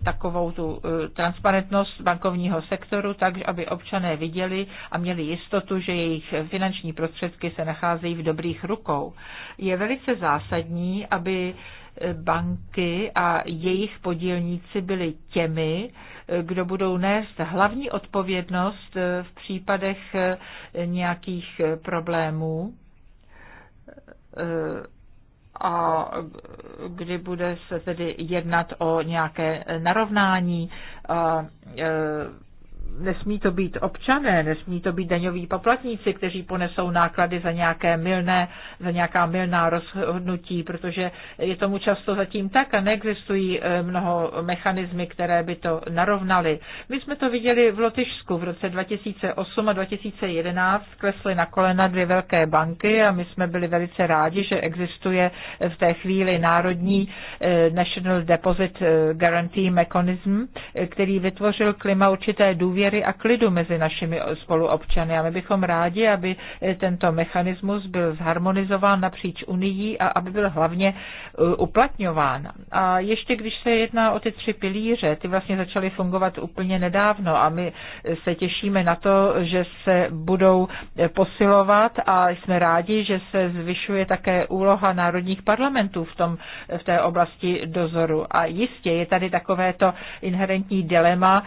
takovou tu e, transparentnost bankovního sektoru, tak aby občané viděli a měli jistotu, že jejich finanční prostředky se nacházejí v dobrých rukou. Je velice zásadní, aby e, banky a jejich podílníci byli těmi, kdo budou nést hlavní odpovědnost v případech nějakých problémů a kdy bude se tedy jednat o nějaké narovnání e, nesmí to být občané, nesmí to být daňoví poplatníci, kteří ponesou náklady za nějaké milné, za nějaká milná rozhodnutí, protože je tomu často zatím tak a neexistují eh, mnoho mechanismy, které by to narovnaly. My jsme to viděli v Lotyšsku v roce 2008 a 2011 klesly na kolena dvě velké banky a my jsme byli velice rádi, že existuje v té chvíli národní eh, National Deposit eh, Guarantee Mechanism, který vytvořil klima určité důvěry důvěry a klidu mezi našimi spoluobčany. A my bychom rádi, aby tento mechanismus byl zharmonizován napříč Unii a aby byl hlavně eh, uplatňován. A ještě když se jedná o ty tři pilíře, ty vlastně začaly fungovat úplně nedávno a my eh, se těšíme na to, že se budou eh, posilovat a jsme rádi, že se zvyšuje také úloha národních parlamentů v, tom, v té oblasti dozoru. A jistě je tady takovéto inherentní dilema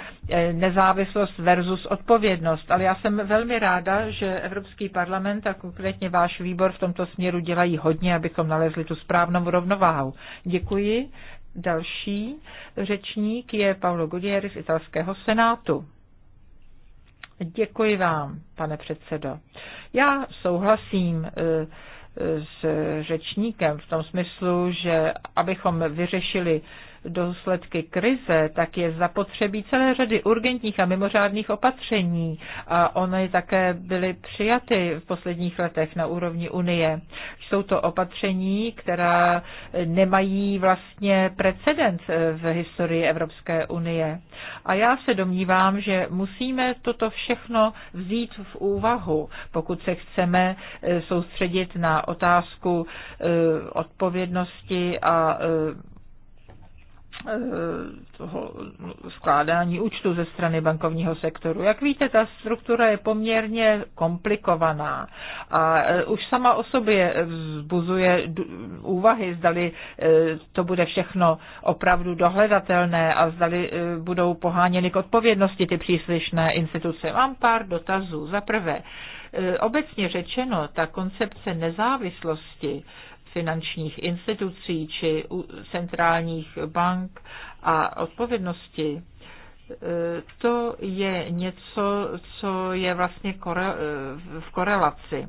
nezávislosti závislost versus odpovědnost. Ale já jsem velmi ráda, že Evropský parlament a konkrétně váš výbor v tomto směru dělají hodně, abychom nalezli tu správnou rovnováhu. Děkuji. Další řečník je Paolo Gudieri z italského senátu. Děkuji vám, pane předsedo. Já souhlasím eh, eh, s řečníkem v tom smyslu, že abychom vyřešili důsledky krize, tak je zapotřebí celé řady urgentních a mimořádných opatření a ony také byly přijaty v posledních letech na úrovni Unie. Jsou to opatření, která nemají vlastně precedent eh, v historii Evropské unie. A já se domnívám, že musíme toto všechno vzít v úvahu, pokud se chceme eh, soustředit na otázku eh, odpovědnosti a Eh, toho skládání účtu ze strany bankovního sektoru. Jak víte, ta struktura je poměrně komplikovaná a eh, už sama o sobě vzbuzuje úvahy, zdali eh, to bude všechno opravdu dohledatelné a zdali budou poháněny k odpovědnosti ty příslušné instituce. Mám pár dotazů. Za prvé, obecně řečeno, ta koncepce nezávislosti finančních institucí či centrálních bank a odpovědnosti, e, to je něco, co je vlastně v korelaci.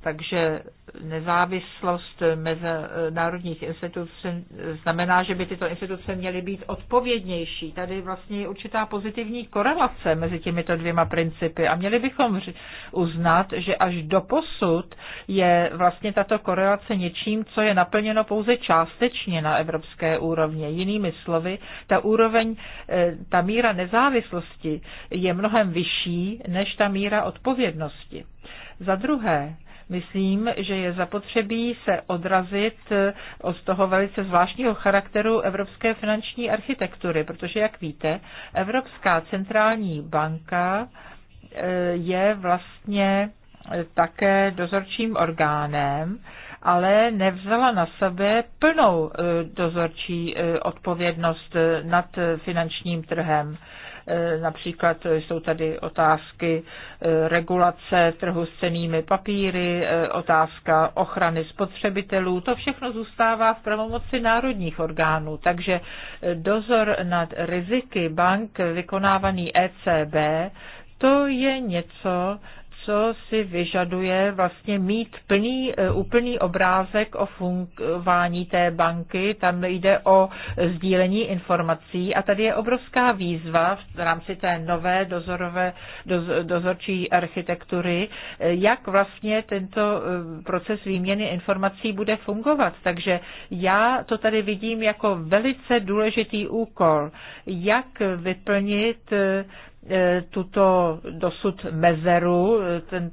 Takže nezávislost mezinárodních institucí znamená, že by tyto instituce měly být odpovědnější. Tady vlastně je určitá pozitivní korelace mezi těmito dvěma principy a měli bychom uznat, že až do posud je vlastně tato korelace něčím, co je naplněno pouze částečně na evropské úrovně. Jinými slovy, ta úroveň, eh, ta míra nezávislosti je mnohem vyšší než ta míra odpovědnosti. Za druhé, Myslím, že je zapotřebí se odrazit eh, od toho velice zvláštního charakteru evropské finanční architektury, protože, jak víte, Evropská centrální banka eh, je vlastně eh, také dozorčím orgánem, ale nevzala na sebe plnou dozorčí odpovědnost nad finančním trhem. Eh, například eh, jsou tady otázky eh, regulace trhu s cenými papíry, otázka ochrany spotřebitelů. To všechno zůstává v pravomoci národních orgánů, takže dozor nad riziky bank vykonávaný ECB to je něco, co si vyžaduje vlastně mít plný, eh, úplný obrázek o fungování té banky. Tam jde o sdílení informací a tady je obrovská výzva v rámci té nové dozorové, doz, dozorčí architektury, eh, jak vlastně tento eh, proces výměny informací bude fungovat. Takže já to tady vidím jako velice důležitý úkol, jak vyplnit E, tuto dosud mezeru, e, ten,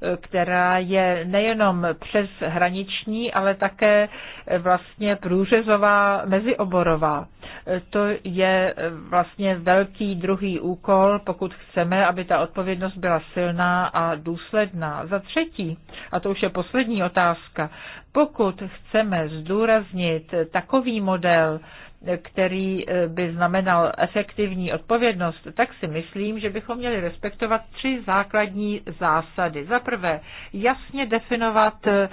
e, která je nejenom přes hraniční, ale také vlastně průřezová, mezioborová. To je vlastně velký druhý úkol, pokud chceme, aby ta odpovědnost byla silná a důsledná. Za třetí, a to už je poslední otázka, pokud chceme zdůraznit takový model, který eh, by znamenal efektivní odpovědnost, tak si myslím, že bychom měli respektovat tři základní zásady. Za prvé, jasně definovat eh,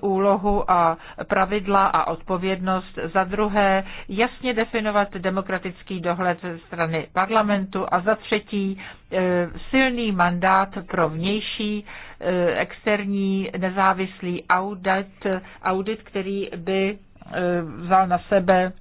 úlohu a pravidla a odpovědnost. Za druhé, jasně definovat demokratický dohled ze strany parlamentu. A za třetí, eh, silný mandát pro vnější externí nezávislý audit, audit který by vzal na sebe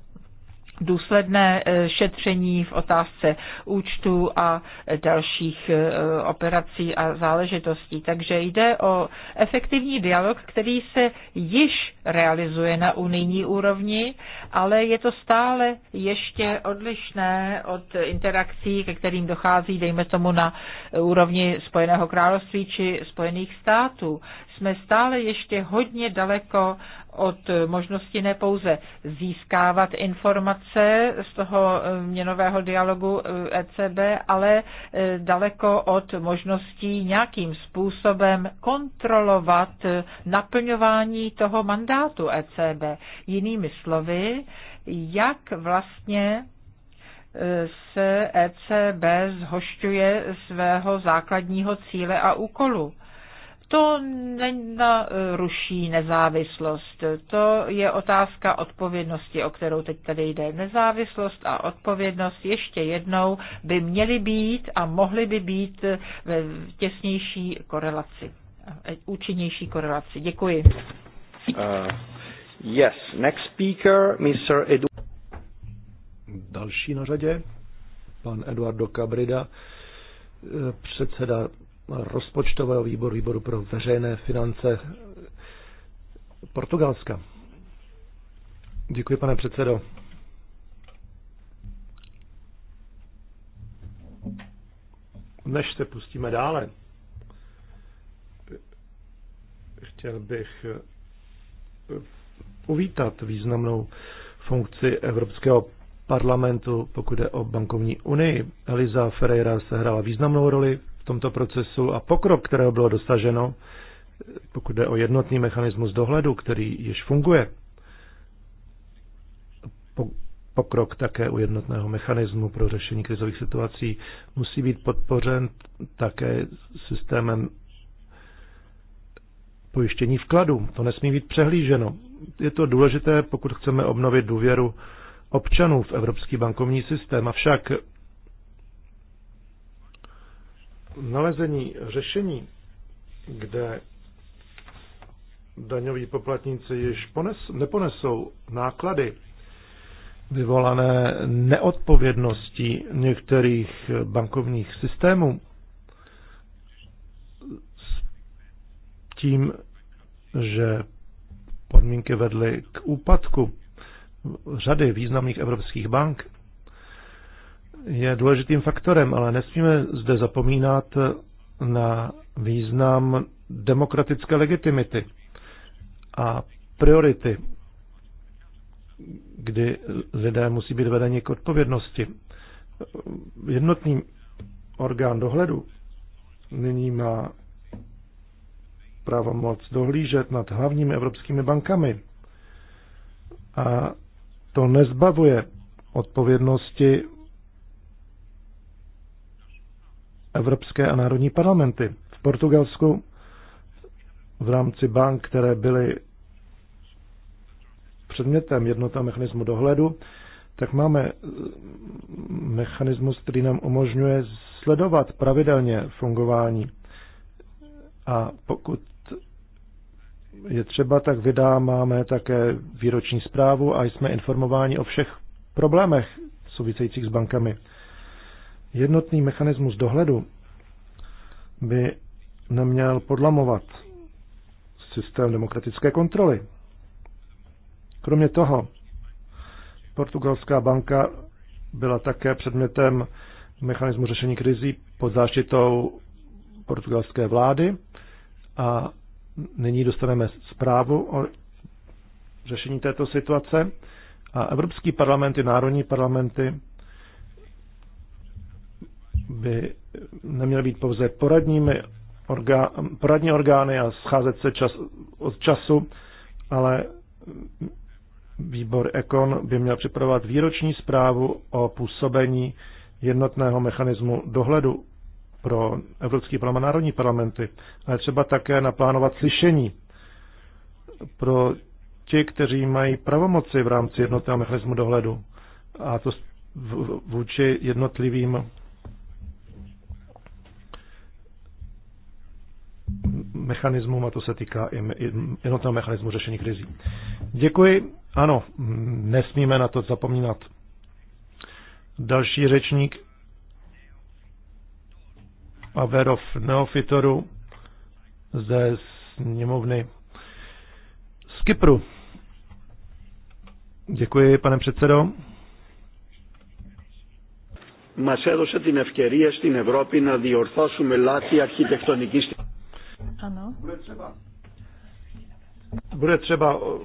důsledné eh, šetření v otázce účtu a dalších eh, operací a záležitostí. Takže jde o efektivní dialog, který se již realizuje na unijní úrovni, ale je to stále ještě odlišné od interakcí, ke kterým dochází, dejme tomu, na úrovni Spojeného království či Spojených států. Jsme stále ještě hodně daleko od možnosti ne pouze získávat informace z toho eh, měnového dialogu ECB, eh, e ale eh, daleko od možností nějakým způsobem kontrolovat naplňování toho mandátu ECB. Jinými slovy, jak vlastně se ECB zhošťuje svého základního cíle a úkolu to ruší nezávislost. To je otázka odpovědnosti, o kterou teď tady jde. Nezávislost a odpovědnost ještě jednou by měly být a mohly by být ve těsnější korelaci, eh, účinnější
korelaci. Děkuji. Uh, yes, next speaker, Mr. Edu. Další na řadě, pan Eduardo Cabrida, eh, předseda rozpočtového výboru, výboru pro veřejné finance Portugalska. Děkuji, pane předsedo. Než se pustíme dále, chtěl bych uvítat významnou funkci Evropského parlamentu, pokud je o bankovní unii. Eliza Ferreira sehrála významnou roli v tomto procesu a pokrok, kterého bylo dosaženo, pokud jde o jednotný mechanismus dohledu, který již funguje, pokrok také u jednotného mechanismu pro řešení krizových situací musí být podpořen také systémem pojištění vkladů. To nesmí být přehlíženo. Je to důležité, pokud chceme obnovit důvěru občanů v evropský bankovní systém. Avšak nalezení řešení, kde daňoví poplatníci již pones, neponesou náklady vyvolané neodpovědností některých bankovních systémů, s tím, že podmínky vedly k úpadku řady významných evropských bank, je důležitým faktorem, ale nesmíme zde zapomínat na význam demokratické legitimity a priority, kdy lidé musí být vedeni k odpovědnosti. Jednotný orgán dohledu nyní má právo moc dohlížet nad hlavními evropskými bankami. A to nezbavuje odpovědnosti evropské a národní parlamenty. V Portugalsku v rámci bank, které byly předmětem jednota mechanismu dohledu, tak máme eh, mechanismus, který nám umožňuje sledovat pravidelně fungování. A pokud je třeba, tak vydá, máme také výroční zprávu a jsme informováni o všech problémech souvisejících s bankami. Jednotný mechanismus dohledu by neměl podlamovat systém demokratické kontroly. Kromě toho, portugalská banka byla také předmětem mechanismu řešení krizí pod záštitou portugalské vlády a nyní dostaneme zprávu o řešení této situace a Evropský parlament i národní parlamenty by neměly být pouze poradními orgá, poradní orgány a scházet se čas, od času, ale výbor Ekon by měl připravovat výroční zprávu o působení jednotného mechanismu dohledu pro Evropský parlament, národní parlamenty, ale třeba také naplánovat slyšení pro ti, kteří mají pravomoci v rámci jednotného mechanismu dohledu a to vůči jednotlivým mechanismům a to se týká i jednotného mechanismu řešení krizí. Děkuji. Ano, nesmíme na to zapomínat. Další řečník Averov Neofitoru ze sněmovny z Kypru. Děkuji, pane předsedo. Μας έδωσε την ευκαιρία στην Ευρώπη να διορθώσουμε λάθη αρχιτεκτονικής
ano. Bude třeba.
Bude třeba eh,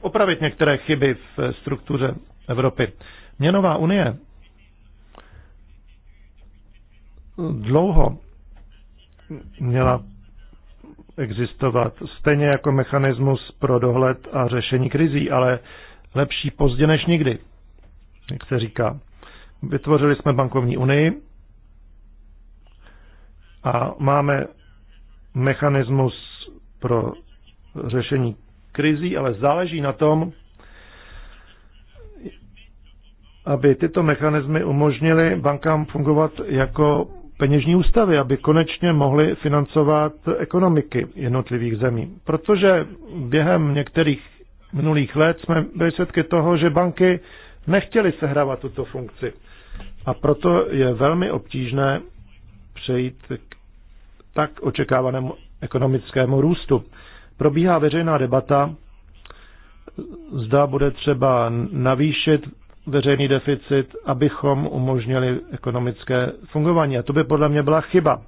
opravit některé chyby v eh, struktuře Evropy. Měnová unie eh, dlouho měla existovat, stejně jako mechanismus pro dohled a řešení krizí, ale lepší pozdě než nikdy, jak se říká. Vytvořili jsme bankovní unii a máme mechanismus pro řešení krizí, ale záleží na tom, aby tyto mechanismy umožnily bankám fungovat jako peněžní ústavy, aby konečně mohly financovat ekonomiky jednotlivých zemí. Protože během některých minulých let jsme byli svědky toho, že banky nechtěly sehrávat tuto funkci. A proto je velmi obtížné přejít k tak očekávanému ekonomickému růstu. Probíhá veřejná debata, zda bude třeba navýšit veřejný deficit, abychom umožnili ekonomické fungování. A to by podle mě byla chyba.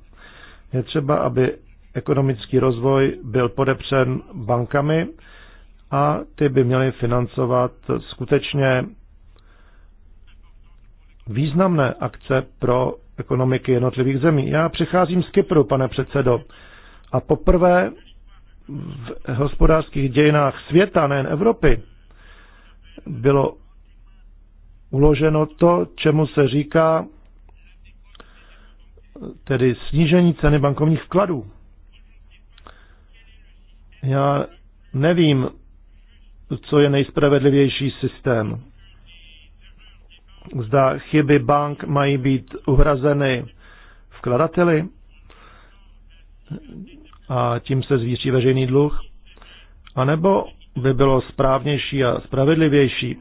Je třeba, aby ekonomický rozvoj byl podepřen bankami a ty by měly financovat skutečně významné akce pro ekonomiky jednotlivých zemí. Já přicházím z Kypru, pane předsedo, a poprvé v hospodářských dějinách světa, nejen Evropy, bylo uloženo to, čemu se říká tedy snížení ceny bankovních vkladů. Já nevím, co je nejspravedlivější systém zda chyby bank mají být uhrazeny vkladateli a tím se zvýší veřejný dluh, anebo by bylo správnější a spravedlivější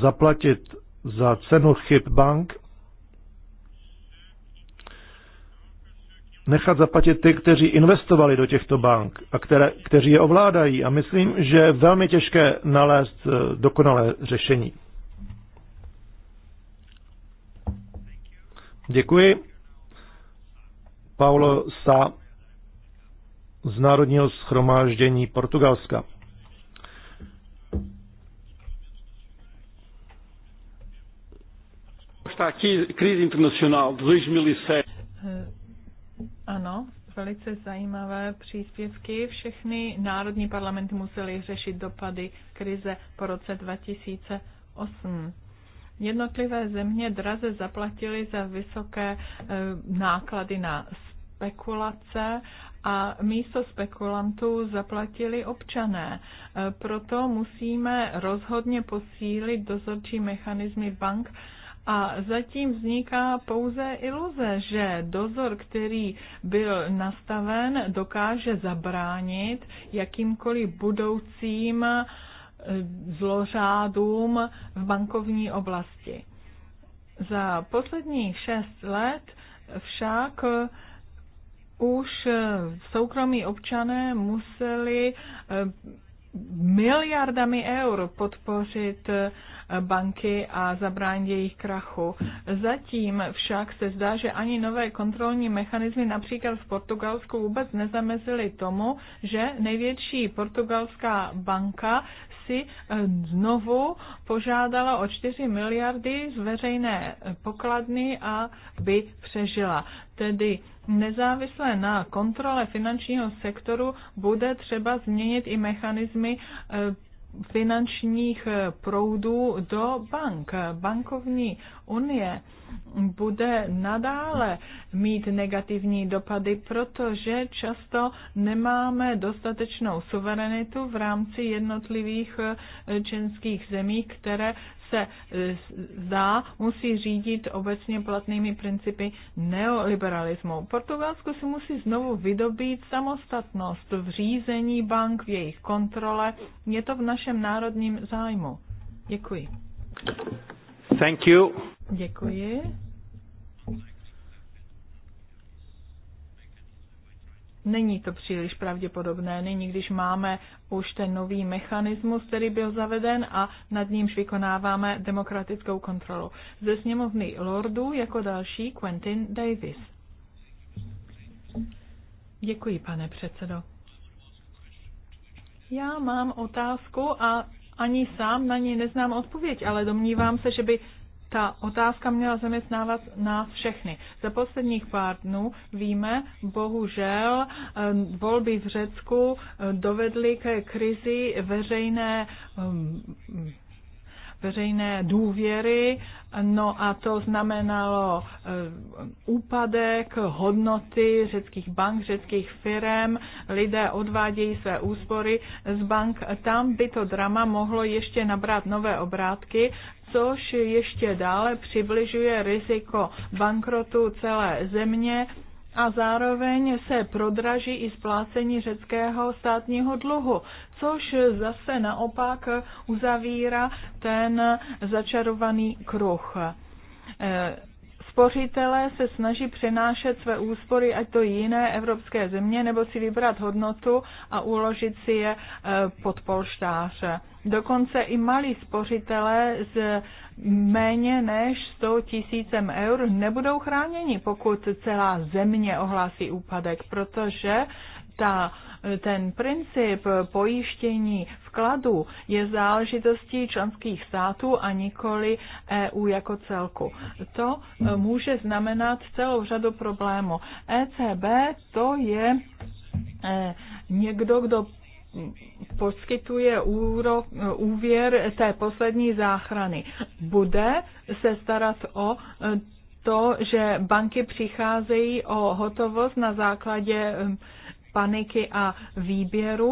zaplatit za cenu chyb bank, nechat zaplatit ty, kteří investovali do těchto bank a které, kteří je ovládají. A myslím, že je velmi těžké nalézt eh, dokonalé řešení. Děkuji. Paulo Sa z Národního schromáždění Portugalska. krize 2007. E
eh, ano, velice zajímavé příspěvky. Všechny národní parlamenty musely řešit dopady krize po roce 2008. Jednotlivé země draze zaplatily za vysoké e, náklady na spekulace a místo spekulantů zaplatili občané. E, proto musíme rozhodně posílit dozorčí mechanismy bank, a zatím vzniká pouze iluze, že dozor, který byl nastaven, dokáže zabránit jakýmkoliv budoucím uh, zlořádům v bankovní oblasti. Za posledních šest let však už soukromí občané museli eh, miliardami eur podpořit eh, banky a zabránit jejich krachu. Zatím však se zdá, že ani nové kontrolní mechanismy například v Portugalsku vůbec nezamezily tomu, že největší portugalská banka si eh, znovu požádala o 4 miliardy z veřejné pokladny, by přežila. Tedy nezávisle na kontrole finančního sektoru bude třeba změnit i mechanismy eh, finančních eh, proudů do bank. Bankovní unie bude nadále mít negativní dopady, protože často nemáme dostatečnou suverenitu v rámci jednotlivých eh, členských zemí, které se eh, zdá, musí řídit obecně platnými principy neoliberalismu. Portugalsko si musí znovu vydobít samostatnost v řízení bank, v jejich kontrole. Je to v našem národním zájmu. Děkuji. Thank you. Děkuji. Není to příliš pravděpodobné, nyní, když máme už ten nový mechanismus, který byl zaveden a nad nímž vykonáváme demokratickou kontrolu. Ze sněmovny Lordů jako další Quentin Davis. Děkuji, pane předsedo. Já mám otázku a ani sám na ní neznám odpověď, ale domnívám se, že by ta otázka měla zaměstnávat nás všechny. Za posledních pár dnů víme, bohužel, volby v Řecku dovedly ke krizi veřejné veřejné důvěry, no a to znamenalo eh, úpadek hodnoty řeckých bank, řeckých firm, lidé odvádějí své úspory z bank, tam by to drama mohlo ještě nabrat nové obrátky, což ještě dále přibližuje riziko bankrotu celé země a zároveň se prodraží i splácení řeckého státního dluhu, což zase naopak uzavírá ten začarovaný kruh. E, spořitelé se snaží přenášet své úspory, ať to jiné evropské země, nebo si vybrat hodnotu a uložit si je e, pod polštáře Dokonce i malí spořitelé z méně než 100 tisícem eur nebudou chráněni, pokud celá země ohlásí úpadek, protože ta, ten princip pojištění vkladu je záležitostí členských států a nikoli EU jako celku. To může znamenat celou řadu problémů. ECB to je eh, někdo, kdo poskytuje úro, úvěr té poslední záchrany. Bude se starat o to, že banky přicházejí o hotovost na základě um, paniky a výběru.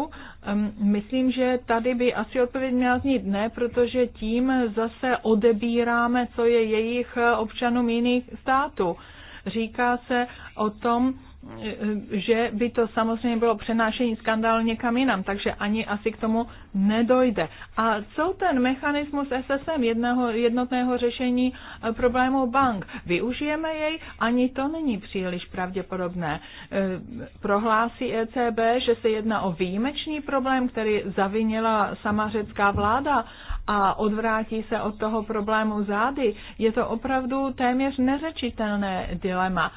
Um, myslím, že tady by asi odpověď měla znít ne, protože tím zase odebíráme, co je jejich občanům jiných států. Říká se o tom, že by to samozřejmě bylo přenášení skandálu někam jinam, takže ani asi k tomu nedojde. A co ten mechanismus SSM, jednoho, jednotného řešení eh, problémů bank? Využijeme jej? Ani to není příliš pravděpodobné. Eh, prohlásí ECB, že se jedná o výjimečný problém, který zavinila sama řecká vláda a odvrátí se od toho problému zády, je to opravdu téměř neřečitelné dilema.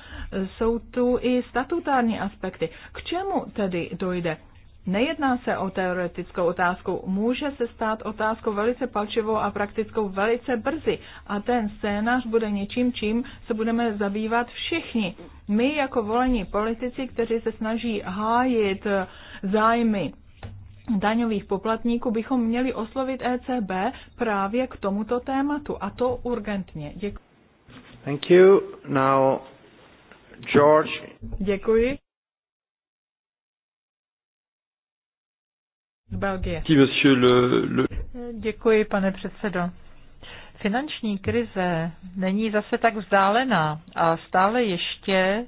Jsou tu i statutární aspekty. K čemu tedy dojde? Nejedná se o teoretickou otázku, může se stát otázkou velice palčivou a praktickou velice brzy. A ten scénář bude něčím, čím se budeme zabývat všichni. My jako volení politici, kteří se snaží hájit zájmy daňových poplatníků bychom měli oslovit ECB právě k tomuto tématu a to urgentně. Děkuji.
Thank you. Now, George.
Děkuji. Z Belgie. Děkuji, pane předsedo.
Finanční krize není zase tak vzdálená a stále ještě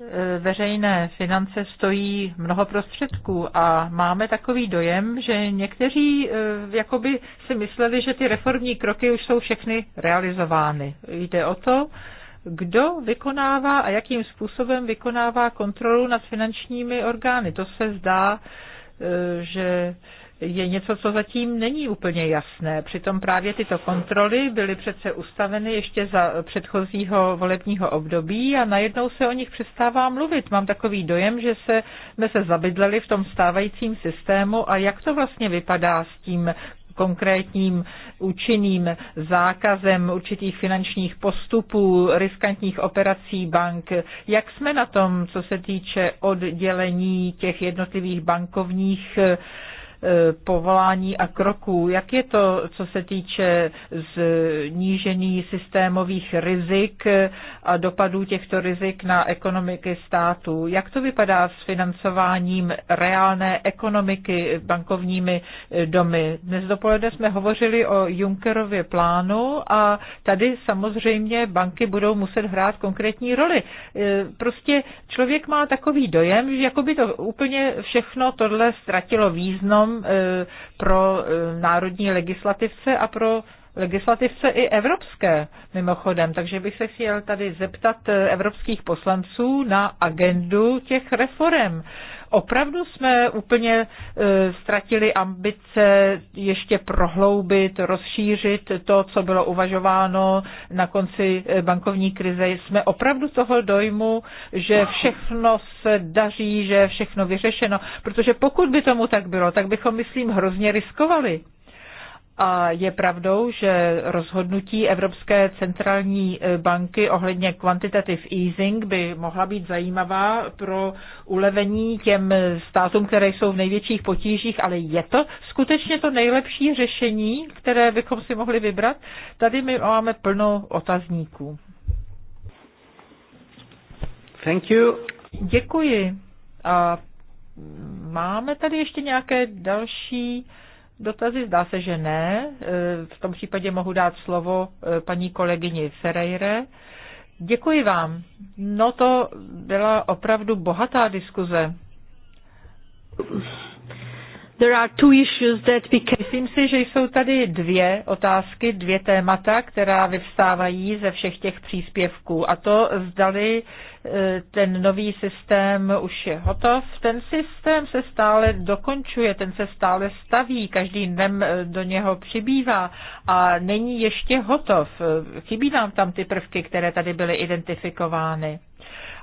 E, veřejné finance stojí mnoho prostředků a máme takový dojem, že někteří e, jakoby si mysleli, že ty reformní kroky už jsou všechny realizovány. Jde o to, kdo vykonává a jakým způsobem vykonává kontrolu nad finančními orgány. To se zdá, e, že je něco, co zatím není úplně jasné. Přitom právě tyto kontroly byly přece ustaveny ještě za předchozího volebního období a najednou se o nich přestává mluvit. Mám takový dojem, že se, jsme se zabydleli v tom stávajícím systému a jak to vlastně vypadá s tím konkrétním účinným zákazem určitých finančních postupů, riskantních operací bank. Jak jsme na tom, co se týče oddělení těch jednotlivých bankovních E, povolání a kroků. Jak je to, co se týče znížení systémových rizik a dopadů těchto rizik na ekonomiky států? Jak to vypadá s financováním reálné ekonomiky bankovními e, domy? Dnes dopoledne jsme hovořili o Junckerově plánu a tady samozřejmě banky budou muset hrát konkrétní roli. E, prostě člověk má takový dojem, že jako by to úplně všechno tohle ztratilo význam, E, pro e, národní legislativce a pro legislativce i evropské mimochodem. Takže bych se chtěl tady zeptat e, evropských poslanců na agendu těch reform opravdu jsme úplně e, ztratili ambice ještě prohloubit, rozšířit to, co bylo uvažováno na konci e, bankovní krize. Jsme opravdu toho dojmu, že všechno se daří, že je všechno vyřešeno, protože pokud by tomu tak bylo, tak bychom, myslím, hrozně riskovali. A je pravdou, že rozhodnutí Evropské centrální e, banky ohledně quantitative easing by mohla být zajímavá pro ulevení těm státům, které jsou v největších potížích, ale je to skutečně to nejlepší řešení, které bychom si mohli vybrat? Tady my máme plno otazníků. Thank you. Děkuji. A máme tady ještě nějaké další dotazy? Zdá se, že ne. E, v tom případě mohu dát slovo e, paní kolegyni Ferreire. Děkuji vám. No to byla opravdu bohatá diskuze. There are two issues that became... Myslím si, že jsou tady dvě otázky, dvě témata, která vyvstávají ze všech těch příspěvků. A to zdali e, ten nový systém už je hotov. Ten systém se stále dokončuje, ten se stále staví, každý dnem do něho přibývá a není ještě hotov. E, chybí nám tam ty prvky, které tady byly identifikovány.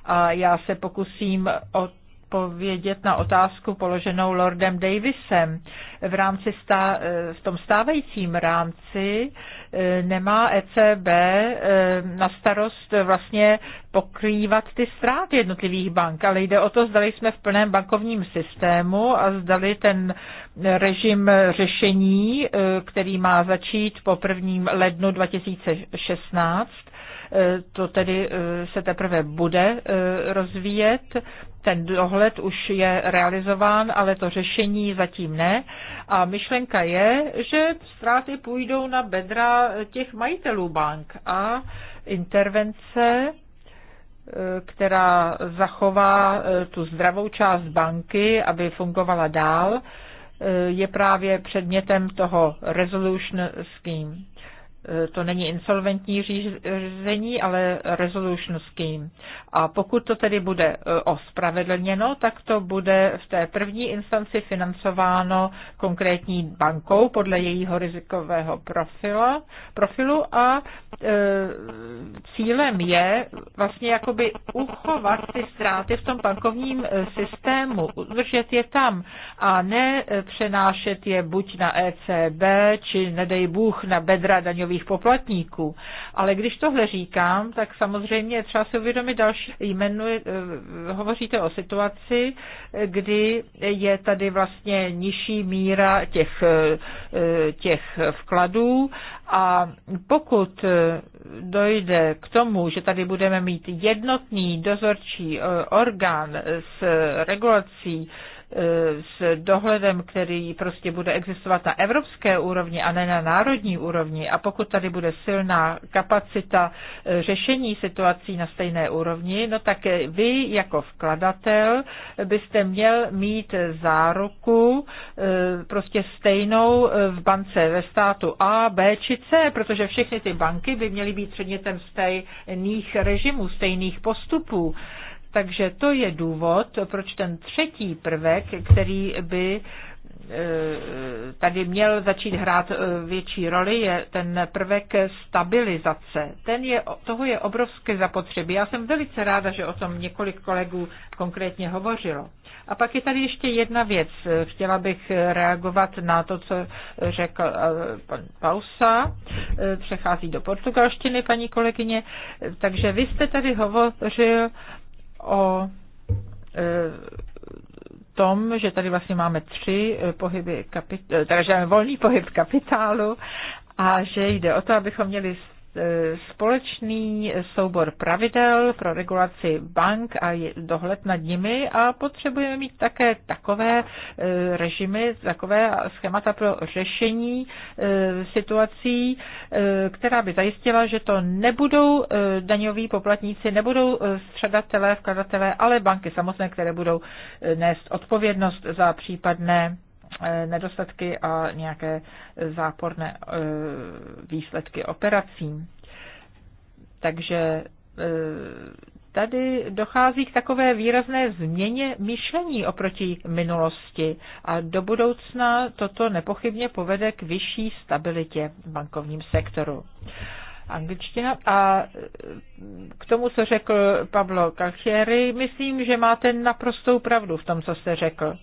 A já se pokusím o odpovědět na otázku položenou Lordem Davisem. V, rámci stá, v tom stávajícím rámci eh, nemá ECB eh, na starost vlastně pokrývat ty ztráty jednotlivých bank, ale jde o to, zdali jsme v plném bankovním systému a zdali ten režim řešení, eh, který má začít po 1. lednu 2016, Eh, to tedy eh, se teprve bude eh, rozvíjet. Ten dohled už je realizován, ale to řešení zatím ne. A myšlenka je, že ztráty půjdou na bedra těch majitelů bank a intervence která zachová tu zdravou část banky, aby fungovala dál, je právě předmětem toho resolution scheme. E, to není insolventní řízení, ale resolution scheme. A pokud to tedy bude e, ospravedlněno, tak to bude v té první instanci financováno konkrétní bankou podle jejího rizikového profila, profilu a e, cílem je vlastně jakoby uchovat ty ztráty v tom bankovním e, systému, udržet je tam a ne přenášet je buď na ECB, či nedej Bůh na bedra daňových daňových poplatníků. Ale když tohle říkám, tak samozřejmě je třeba si uvědomit další jmenu. Eh, hovoříte o situaci, kdy je tady vlastně nižší míra těch, eh, těch vkladů a pokud eh, dojde k tomu, že tady budeme mít jednotný dozorčí orgán s regulací Eh, s dohledem, který prostě bude existovat na evropské úrovni a ne na národní úrovni. A pokud tady bude silná kapacita eh, řešení situací na stejné úrovni, no tak eh, vy jako vkladatel byste měl mít záruku prostě stejnou v bance ve státu A, B či C, protože všechny ty banky by měly být předmětem stejných režimů, stejných postupů. Takže to je důvod, proč ten třetí prvek, který by e, tady měl začít hrát e, větší roli, je ten prvek stabilizace. Ten je, toho je obrovské zapotřebí. Já jsem velice ráda, že o tom několik kolegů konkrétně hovořilo. A pak je tady ještě jedna věc. Chtěla bych reagovat na to, co řekl e, pan Pausa. Přechází do portugalštiny, paní kolegyně. Takže vy jste tady hovořil o e, tom, že tady vlastně máme tři e, pohyby kapitálu, e, takže máme volný pohyb kapitálu a že jde o to, abychom měli E, společný soubor pravidel pro regulaci bank a dohled nad nimi a potřebujeme mít také takové e, režimy, takové schémata pro řešení e, situací, která by zajistila, že to nebudou daňoví poplatníci, nebudou středatelé, vkladatelé, ale banky samotné, které budou nést odpovědnost za případné Eh, nedostatky a nějaké záporné eh, výsledky operací. Takže eh, tady dochází k takové výrazné změně myšlení oproti minulosti a do budoucna toto nepochybně povede k vyšší stabilitě v bankovním sektoru. Angličtina a k tomu, co řekl Pablo Calchieri, myslím, že máte naprostou pravdu v tom, co jste řekl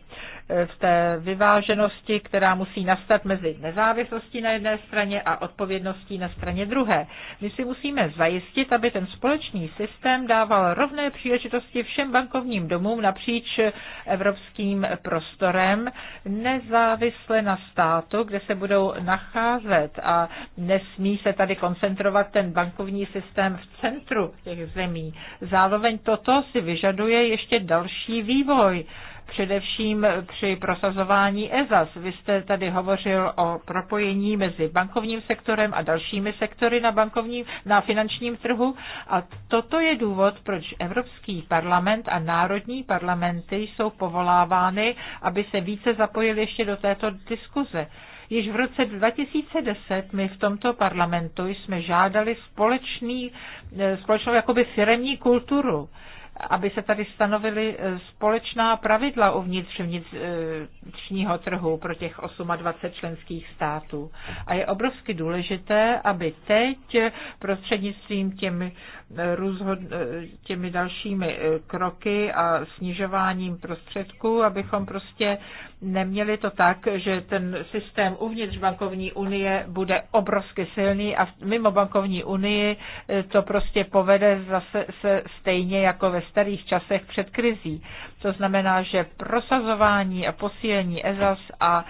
v té vyváženosti, která musí nastat mezi nezávislostí na jedné straně a odpovědností na straně druhé. My si musíme zajistit, aby ten společný systém dával rovné příležitosti všem bankovním domům napříč evropským prostorem, nezávisle na státu, kde se budou nacházet a nesmí se tady koncentrovat ten bankovní systém v centru těch zemí. Zároveň toto si vyžaduje ještě další vývoj především při prosazování EZAS. Vy jste tady hovořil o propojení mezi bankovním sektorem a dalšími sektory na, bankovním, na finančním trhu a toto je důvod, proč Evropský parlament a národní parlamenty jsou povolávány, aby se více zapojili ještě do této diskuze. Již v roce 2010 my v tomto parlamentu jsme žádali společný, e, společnou jakoby firemní kulturu aby se tady stanovily eh, společná pravidla uvnitř eh, vnitřního trhu pro těch 28 členských států. A je obrovsky důležité, aby teď eh, prostřednictvím těmi rozhod, těmi dalšími e, kroky a snižováním prostředků, abychom prostě neměli to tak, že ten systém uvnitř bankovní unie bude obrovsky silný a mimo bankovní unii e, to prostě povede zase se stejně jako ve starých časech před krizí. To znamená, že prosazování a posílení EZAS a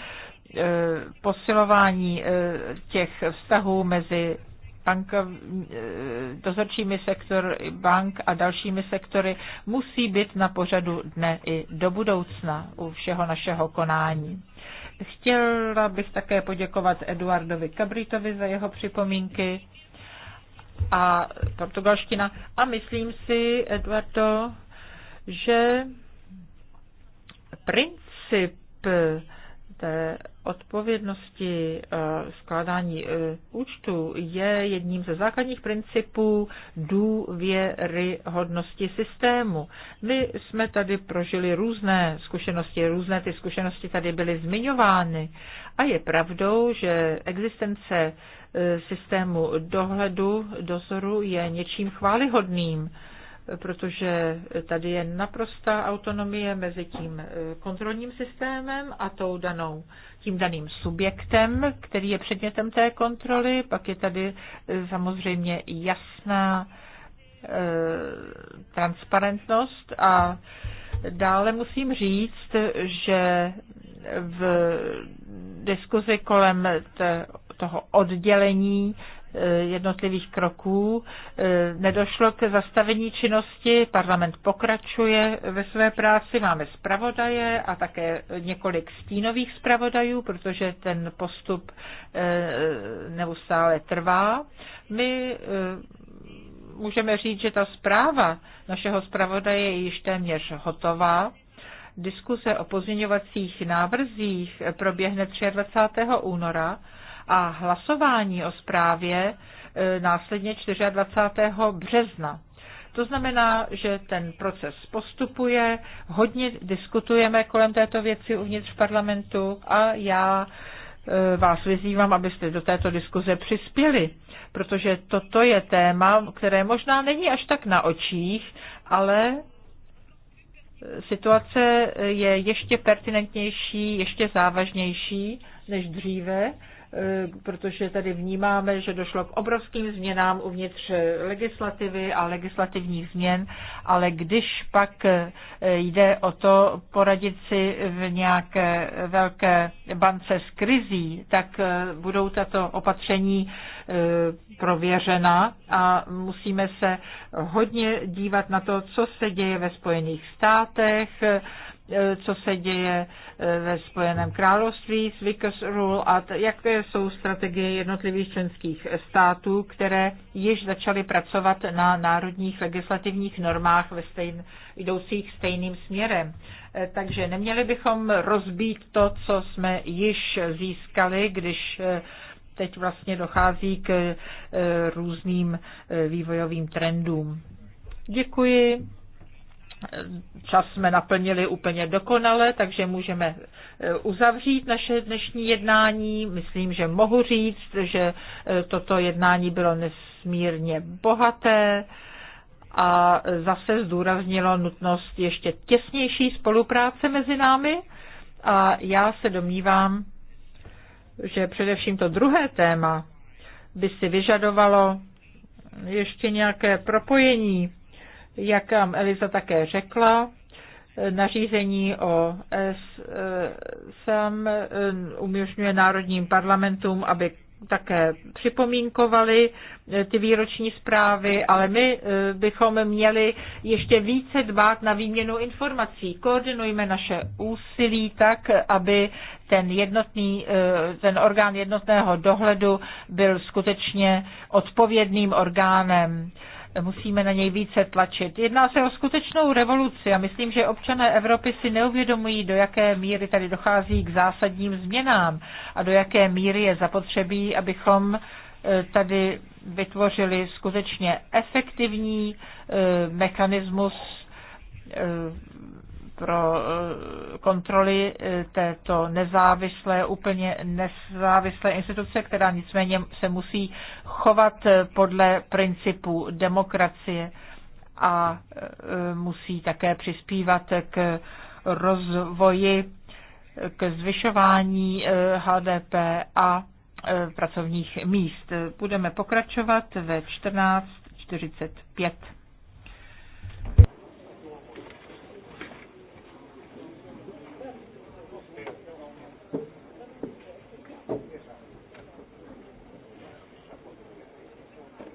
e, posilování těch vztahů mezi bankov, eh, dozorčími sektor bank a dalšími sektory musí být na pořadu dne i do budoucna u všeho našeho konání. Chtěla bych také poděkovat Eduardovi Kabritovi za jeho připomínky a portugalština. A myslím si, Eduardo, že princip té odpovědnosti eh, skládání eh, účtu je jedním ze základních principů důvěryhodnosti systému. My jsme tady prožili různé zkušenosti, různé ty zkušenosti tady byly zmiňovány a je pravdou, že existence eh, systému dohledu, dozoru je něčím chválihodným protože tady je naprostá autonomie mezi tím kontrolním systémem a tou danou tím daným subjektem, který je předmětem té kontroly. Pak je tady e, samozřejmě jasná e, transparentnost a dále musím říct, že v diskuzi kolem toho oddělení Eh, jednotlivých kroků eh, nedošlo k zastavení činnosti. Parlament pokračuje ve své práci. Máme zpravodaje a také několik stínových zpravodajů, protože ten postup eh, neustále trvá. My můžeme říct, že ta zpráva našeho zpravodaje je již téměř hotová. Diskuse o pozměňovacích návrzích proběhne 23. února a hlasování o zprávě e, následně 24. března. To znamená, že ten proces postupuje, hodně diskutujeme kolem této věci uvnitř parlamentu a já e, vás vyzývám, abyste do této diskuze přispěli, protože toto je téma, které možná není až tak na očích, ale situace je ještě pertinentnější, ještě závažnější než dříve E, protože tady vnímáme, že došlo k obrovským změnám uvnitř legislativy a legislativních změn, ale když pak e, jde o to poradit si v nějaké velké bance s krizí, tak e, budou tato opatření prověřena a musíme se hodně dívat na to, co se děje ve Spojených státech, Eh, co se děje eh, ve Spojeném království s Vickers Rule a jaké jsou strategie jednotlivých členských států, které již začaly pracovat na národních legislativních normách ve stejn, jdoucích stejným směrem. Eh, takže neměli bychom rozbít to, co jsme již získali, když teď vlastně dochází k různým vývojovým trendům. Děkuji. Čas jsme naplnili úplně dokonale, takže můžeme e, uzavřít naše dnešní jednání. Myslím, že mohu říct, že e, toto jednání bylo nesmírně bohaté a zase zdůraznilo nutnost ještě těsnější spolupráce mezi námi. A já se domnívám, že především to druhé téma by si vyžadovalo ještě nějaké propojení jak vám Eliza také řekla, nařízení o SAM eh, umožňuje národním parlamentům, aby také připomínkovali eh, ty výroční zprávy, ale my eh, bychom měli ještě více dbát na výměnu informací. Koordinujme naše úsilí tak, aby ten, jednotný, ten orgán jednotného dohledu byl skutečně odpovědným orgánem musíme na něj více tlačit. Jedná se o skutečnou revoluci a myslím, že občané Evropy si neuvědomují, do jaké míry tady dochází k zásadním změnám a do jaké míry je zapotřebí, abychom e, tady vytvořili skutečně efektivní e, mechanismus e, pro eh, kontroly eh, této nezávislé, úplně nezávislé instituce, která nicméně se musí chovat eh, podle principu demokracie a musí také přispívat k rozvoji, k zvyšování HDP a pracovních míst. Budeme pokračovat ve 14.45.